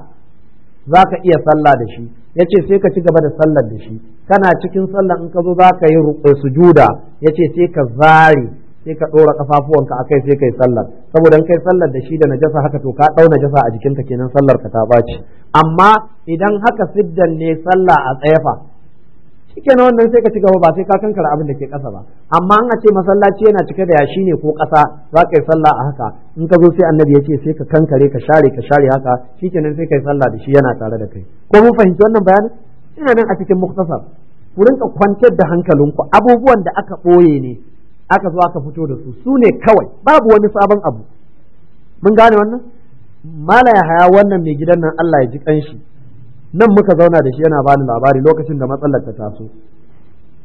zaka iya sallah da shi yace sai ka ci gaba da sallar da shi kana cikin sallar in ka zo zaka yi eh, sujuda yace sai ka zare sai ka dora kafafuwanka akai sai kai sallar saboda in kai sallar da shi da najasa haka to ka ɗau najasa a jikinka kenan sallar ka ta baci amma idan haka siddan ne sallah a tsayafa shike na wannan sai ka ci gaba ba sai ka kankara abin da ke ƙasa ba amma an a ce masallaci yana cike da yashi ne ko ƙasa za ka yi sallah a haka in ka zo sai annabi ya ce sai ka kankare ka share ka share haka shikenan sai ka yi sallah da shi yana tare da kai ko mun fahimci wannan bayanin ina nan a cikin muktasar ku rinka kwantar da hankalin ku. abubuwan da aka ɓoye ne aka zo aka fito da su su ne kawai babu wani sabon abu mun gane wannan mala ya haya wannan mai gidan nan Allah ya ji kanshi nan muka zauna da shi yana bani labari lokacin da matsalar ta taso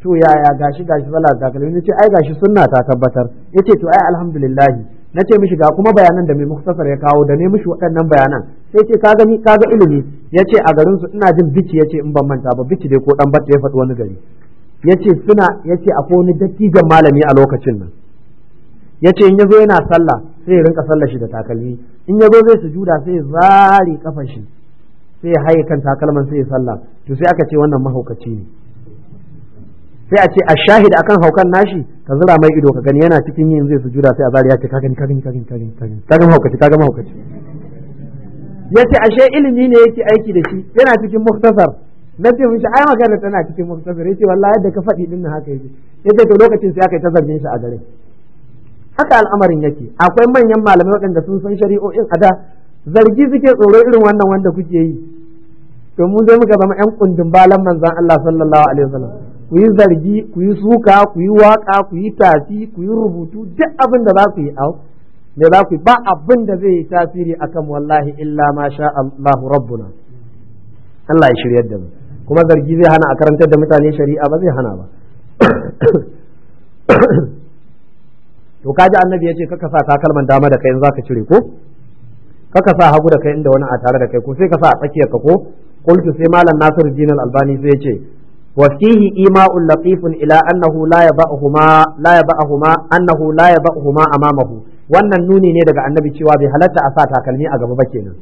to yaya gashi gashi sallah ga kalmi nace ai gashi sunna ta tabbatar yace to ai alhamdulillah nace mishi ga kuma bayanan da mai muktasar ya kawo da ne mishi waɗannan bayanan sai ce kaga ni kaga ilimi yace a garin su ina jin bici yace in ban manta ba bici dai ko dan batta ya faɗi wani gari yace suna yace akwai wani dattijan malami a lokacin nan yace in yazo yana sallah sai ya rinka sallar shi da takalmi in yazo zai su juda sai ya zare kafar sai ya haye kan takalman sai ya sallah to sai aka ce wannan mahaukaci ne sai a ce a shahid akan haukan nashi ka zura mai ido ka gani yana cikin yin zai sujuda sai a zari ya ce ka gani ka gani, ka gani mahaukaci gani mahaukaci ya ce ashe ilimi ne yake aiki da shi yana cikin muktasar na ce mishi ai magana tana cikin muktasar yace wallahi yadda ka faɗi din haka yake yace to lokacin sai aka yi ta shi a gare haka al'amarin yake akwai manyan malamai waɗanda sun san shari'o'in a da zargi suke tsoro irin wannan wanda kuke yi to mun dai muka zama yan kundin balan manzan Allah sallallahu alaihi wasallam ku yi zargi ku yi suka ku yi waka ku yi tafi ku yi rubutu duk abin da za ku yi au me za ku yi ba abin da zai yi tasiri akan wallahi illa ma sha Allahu rabbuna Allah ya shiryar da mu kuma zargi zai hana a karantar da mutane shari'a ba zai hana ba <coughs> to kaji annabi ya ce kaka sa takalman dama da kai in zaka cire ko kaka sa hagu da kai inda wani a tare da kai ko sai ka sa a tsakiyar ka ko qultu sai malam Nasiru, din albani sai yace wa fihi ima'un latifun ila annahu la yaba'uhuma la yaba'uhuma annahu wannan nuni ne daga annabi cewa bai halarta a sa takalmi a gaba ba kenan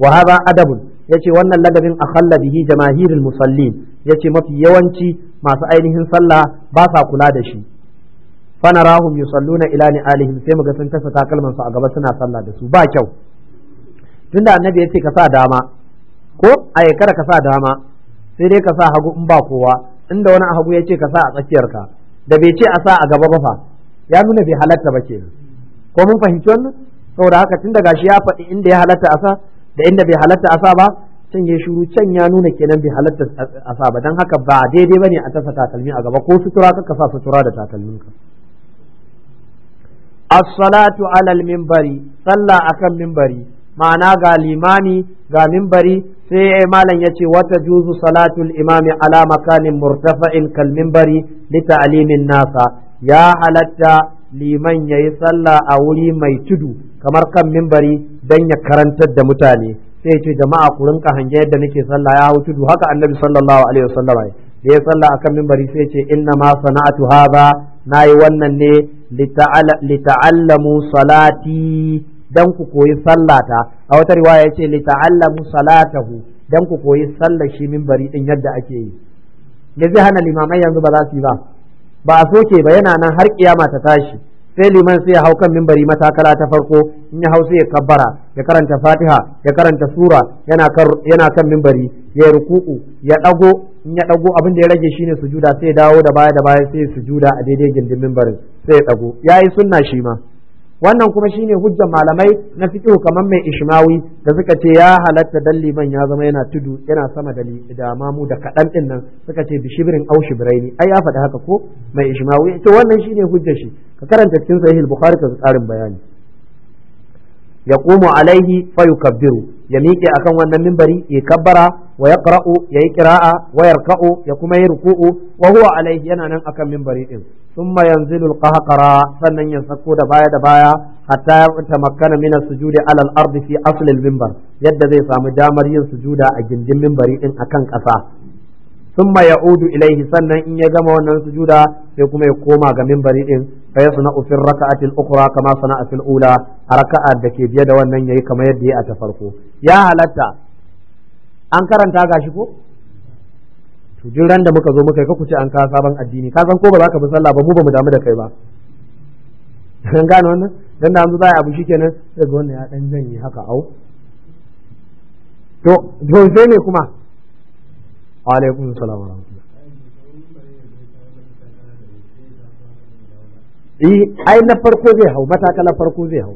wa hadha adabun yace wannan ladabin akhalla bihi jamahirul musallin yace mafi yawanci masu ainihin sallah ba sa kula da shi fanarahum yusalluna ila ni alihim sai muga sun tasa takalman su a gaba suna sallah da su ba kyau tunda annabi ya ce ka sa dama ko a kada ka sa dama sai dai ka sa hagu in ba kowa inda wani hagu ya ce ka sa a tsakiyarka da bai ce a sa a gaba ba fa ya nuna bai halatta ba nan ko mun fahimci wannan saboda haka tun daga shi ya faɗi inda ya halatta a sa da inda bai halatta a sa ba can ya shuru can ya nuna kenan bai halatta a sa ba dan haka ba daidai bane a tasa takalmi a gaba ko sutura ka sa sutura da takalminka as-salatu 'ala minbari sallah akan minbari ma'ana ga limami ga mimbari sai ya eh, malam ya ce wata juzu salatul imami ala makanin murtafa'in kal mimbari li ta'limin nasa ya halatta liman yayi sallah a wuri mai tudu kamar kan mimbari dan ya karantar da mutane sai ce jama'a ku ka hange yadda nake sallah ya hau tudu haka annabi sallallahu alaihi wasallam da ya sallah akan mimbari sai ce inna ma sana'atu hadha nayi wannan ne lita'allamu salati dan ku koyi ta, a wata riwaya yace li ta'allamu salatahu dan ku koyi sallar shi bari din yadda ake yi me zai hana limamai yanzu ba za su yi ba ba a soke ba yana nan har kiyama ta tashi sai liman sai ya hau kan minbari matakala ta farko in ya hau sai ya kabbara ya karanta fatiha ya karanta sura yana kan yana kan minbari ya ruku'u ya dago in ya dago abin da ya rage shine sujuda sai ya dawo da baya da baya sai sujuda a daidai gindin minbarin sai ya dago yayi sunna shi ma wannan kuma shine hujjar malamai na fiqh kamar mai ishmawi da suka ce ya halatta dan ya zama yana tudu yana sama da da mamu da kadan din nan suka ce bishibirin au shibraini ai ya faɗi haka ko mai ishmawi to wannan shine hujjar shi ka karanta cikin sahih bukhari ka tsarin bayani yaqumu alaihi yukabbiru ya miƙe akan wannan mimbari ya kabbara wa ya ƙara'u ya yi ƙira'a wa ya ya kuma yi ruku'u wa huwa alaihi yana nan akan mimbari ɗin thumma yanzilu alqahqara sannan ya sako da baya da baya hatta ya ta min as-sujudi alal al-ard fi asl al yadda zai samu damar yin sujuda a gindin minbari din akan ƙasa thumma udu ilaihi sannan in ya gama wannan sujuda sai kuma ya koma ga minbari din fa yasna fi ar-rak'ati al-ukhra kama sana'a fil ula a raka'a da ke biye da wannan yayi kamar yadda ya a ta farko ya halatta an karanta gashi ko to duk ran da muka zo muka ka kuce an ka sabon addini ka san ko ba za ka bi sallah ba mu ba mu damu da kai ba kan <laughs> gane wannan dan da an zo za a abu shikenan sai ga wannan ya dan janye haka au to sai ne kuma alaikum salam wa rahmatullah eh ai na farko zai hau matakala farko zai hau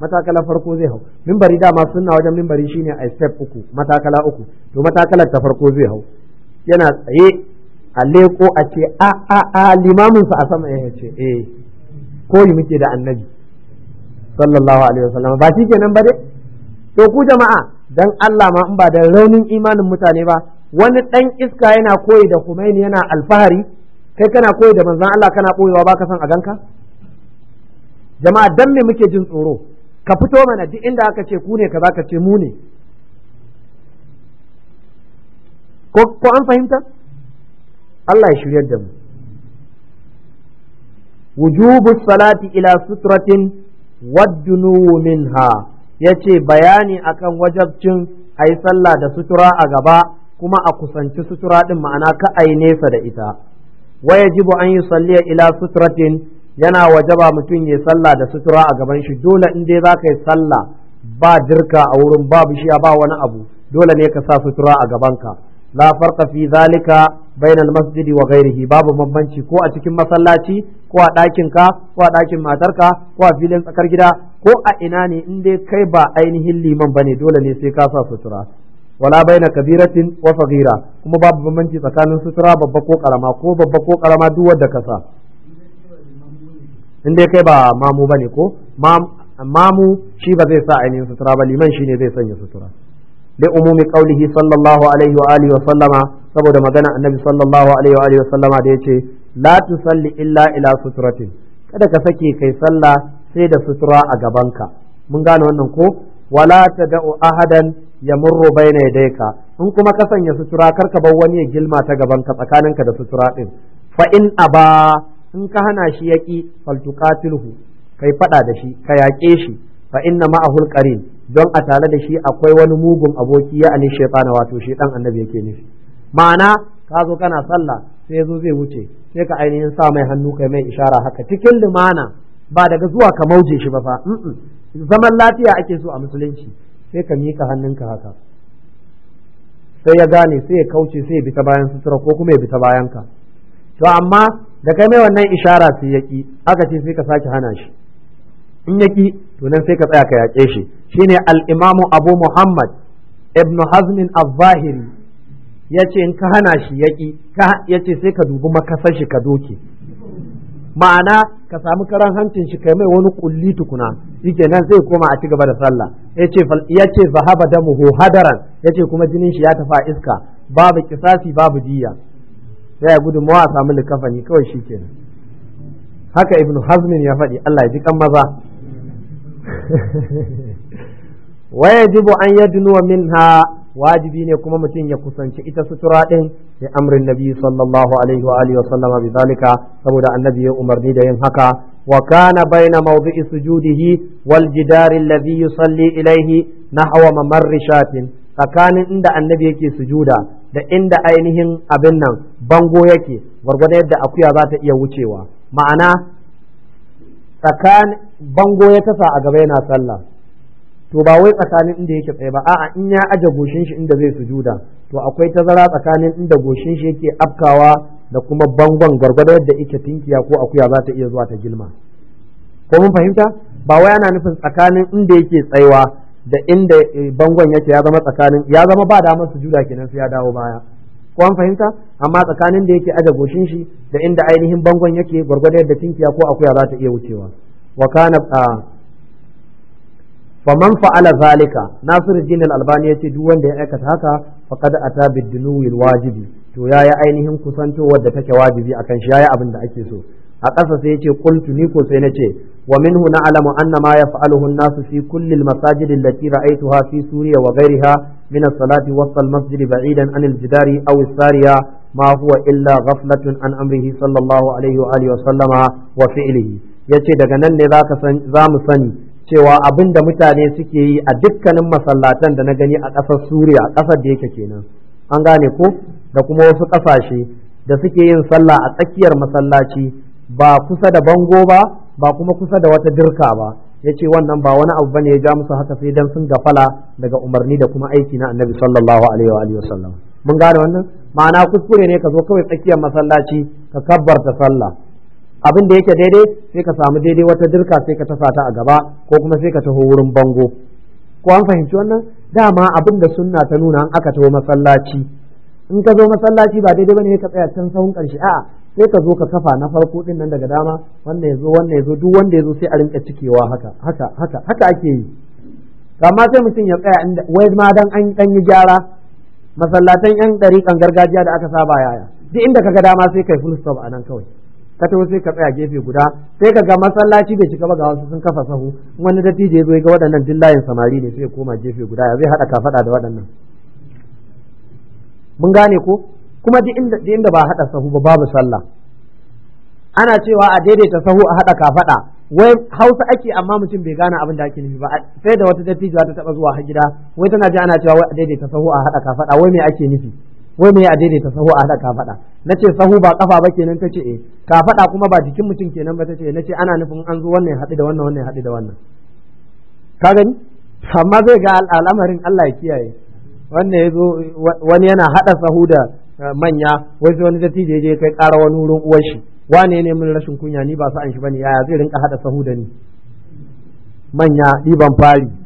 matakala farko zai hau mimbari dama sunna wajen mimbari shine a step uku matakala uku to matakalar ta farko zai hau yana tsaye a leko a ce a a a limaminsa a sama ya ce eh koyi muke da annabi sallallahu alaihi wasallam ba shi kenan ba dai to ku jama'a dan Allah ma in ba da raunin imanin mutane ba wani dan iska yana koyi da Khomeini yana alfahari kai kana koyi da manzon Allah kana koyewa baka san a ganka jama'a dan me muke jin tsoro ka fito mana duk inda aka ce ku ne kaza ka ce mu ne ko an fahimta Allah ya shiryar da mu wujubu salati ila sutratin waddunu minha ce bayani akan wajabcin ayi sallah da sutura a gaba kuma a kusanci sutura din ma'ana ka ayi nesa da ita wayajibu an yi salliya ila sutratin yana wajaba mutum ya sallah da sutura a gaban shi dole in dai ka yi sallah ba dirka a wurin ba bishiya ba wani abu dole ne ka sa sutura a gabanka la farqa fi zalika bainal masjidi wa ghairihi babu bambanci ko a cikin masallaci ko a ɗakin ka ko a ɗakin matarka ko a filin tsakar gida ko a ina ne in dai kai ba ainihin liman bane dole ne sai ka sa sutura wala baina kabiratin wa saghira kuma babu bambanci tsakanin sutura babba ko karama ko babba ko karama duk wanda ka in dai kai ba mamu bane ko mamu shi ba zai sa ainihin sutura ba liman shi ne zai sanya sutura bi umumi qaulihi sallallahu alaihi wa wa sallama saboda magana annabi sallallahu alaihi wa wa sallama da yace la salli illa ila suturatin kada ka sake kai sallah sai da sutura a gabanka mun gane wannan ko wala tad'u ahadan yamurru bayna yadayka in kuma ka sanya sutura kar ka bar wani ya gilma ta gabanka tsakaninka da sutura ɗin fa in in ka hana shi ya yaki faltuqatilhu kai faɗa da shi ka yaƙe shi fa inna ma'ahul qarin don a tare da shi akwai wani mugun aboki ya ani shaytan wato dan annabi yake nufi ma'ana ka zo kana sallah sai zo zai wuce sai ka ainihin sa mai hannu kai mai ishara haka cikin lumana ba daga zuwa ka mauje shi ba fa zaman lafiya ake so a musulunci sai ka mika hannunka haka sai ya gane sai ya kauce sai ya bi ta bayan sutura ko kuma ya bi ta bayan ka to amma da kai mai wannan ishara sai yaki haka aka ce sai ka sake hana shi in yaki to nan sai ka tsaya ka yaƙe shi shine al-imamu abu muhammad ibn hazmin az-zahiri yace in ka hana shi yaƙi yace sai ka dubi makasar shi ka doke ma'ana ka samu karan hancin shi kai mai wani kulli tukuna yake nan zai koma a ci gaba da sallah yace yace zahaba damuhu hadaran yace kuma jinin shi ya tafa iska babu kisasi babu diya sai ya gudu mawa samu likafani kawai shi nan. haka ibnu hazmin ya faɗi Allah ya ji kan maza <laughs> wayajibu an yadnuwa minha wajibi ne kuma mutum ya kusanci ita sutura din bi amrin nabi sallallahu alaihi wa alihi wa sallama bi zalika saboda annabi ya umarni da yin haka wa kana baina mawdi'i sujudihi wal jidari alladhi yusalli ilayhi nahwa mamarrishatin shatin tsakanin inda annabi yake sujuda da inda ainihin abin nan bango yake gwargwadon yadda akuya za ta iya wucewa ma'ana tsakan bango ya tasa a gaba yana sallah to ba wai tsakanin inda yake tsaye ba a'a in ya aje goshin shi inda zai sujuda to akwai tazara tsakanin inda goshin shi yake afkawa da kuma bangon gargado yadda yake tinkiya ko akuya za ta iya zuwa ta gilma ko mun fahimta ba wai ana nufin tsakanin inda yake tsaiwa da inda eh, bangon yake ya zama tsakanin ya zama ba damar sujuda kenan sai ya dawo baya ko an fahimta amma tsakanin da yake aje goshin shi da inda ainihin bangon yake gwargwadon yadda tinkiya ko akuya za ta iya wucewa wa kana faman fa'ala zalika nasiruddin al-albani yace duk wanda ya aikata haka faqad ata bid-dunuwil wajibi to yayi ainihin kusantowar da take wajibi akan shi yayi abin da ake so a ƙasa sai yace qultu ni ko sai nace wa minhu na'lamu anna ma yaf'aluhu an-nasu fi kulli al-masajid allati ra'aytuha fi suriya wa ghayriha من الصلاة وسط المسجد بعيدا عن الجدار أو السارية ما هو إلا غفلة عن أمره صلى الله عليه وآله وسلم وفعله yace daga nan ne za mu sani cewa abin da mutane suke yi a dukkanin masallatan da na gani a ƙasar suriya a ƙasar da yake kenan an gane ko da kuma wasu ƙasashe da suke yin sallah a tsakiyar masallaci ba kusa da bango ba ba kuma kusa da wata dirka ba ya ce wannan ba wani abu bane ya ja musu haka sai dan sun gafala daga umarni da kuma aiki na annabi sallallahu alaihi wa alihi wasallam mun gane wannan ma'ana kuskure ne ka zo kawai tsakiyar masallaci ka kabbarta sallah abin da yake daidai sai ka samu daidai wata dirka sai ka tasa ta a gaba ko kuma sai ka taho wurin bango ko an fahimci wannan dama abin da sunna ta nuna an aka taho masallaci in ka zo masallaci ba daidai bane ka tsaya can sahun karshe a'a sai ka zo ka kafa na farko din nan daga dama wannan yazo wannan yazo duk wanda yazo sai a rinka cikewa haka haka haka haka ake yi amma sai mutum ya tsaya inda wai ma dan an dan yi gyara masallatan yan dariƙan gargajiya da aka saba yaya duk inda kaga dama sai kai full stop nan kawai ka tafi sai ka tsaya gefe guda sai ka ga masallaci bai shiga ba ga wasu sun kafa sahu wani dattijo ya zo ya ga waɗannan duk samari ne sai ya koma gefe guda ya zai haɗa kafaɗa da waɗannan mun gane ko kuma duk inda inda ba haɗa sahu ba babu sallah ana cewa a daidaita sahu a haɗa kafaɗa wai hausa ake amma mutum bai gane abin da ake nufi ba sai da wata dattijuwa ta taɓa zuwa gida wai tana ji ana cewa wai a daidaita sahu a haɗa kafaɗa wai me ake nufi wai me a daidaita sahu a haɗa kafaɗa na ce sahu ba kafa ba kenan ta ce eh kafaɗa kuma ba jikin mutum kenan ba ta ce eh. na ce ana nufin an zo wannan ya haɗu da wannan wannan ya haɗu da wannan ka gani amma zai ga al'amarin Allah ya kiyaye wannan ya zo wani yana haɗa sahu da Eh, manya wai sai wani dattijo ya je kai ƙara wani wurin uwar shi wane ne min rashin kunya ni ba an shi bane yaya zai rinka hada sahu da ni manya ɗiban fari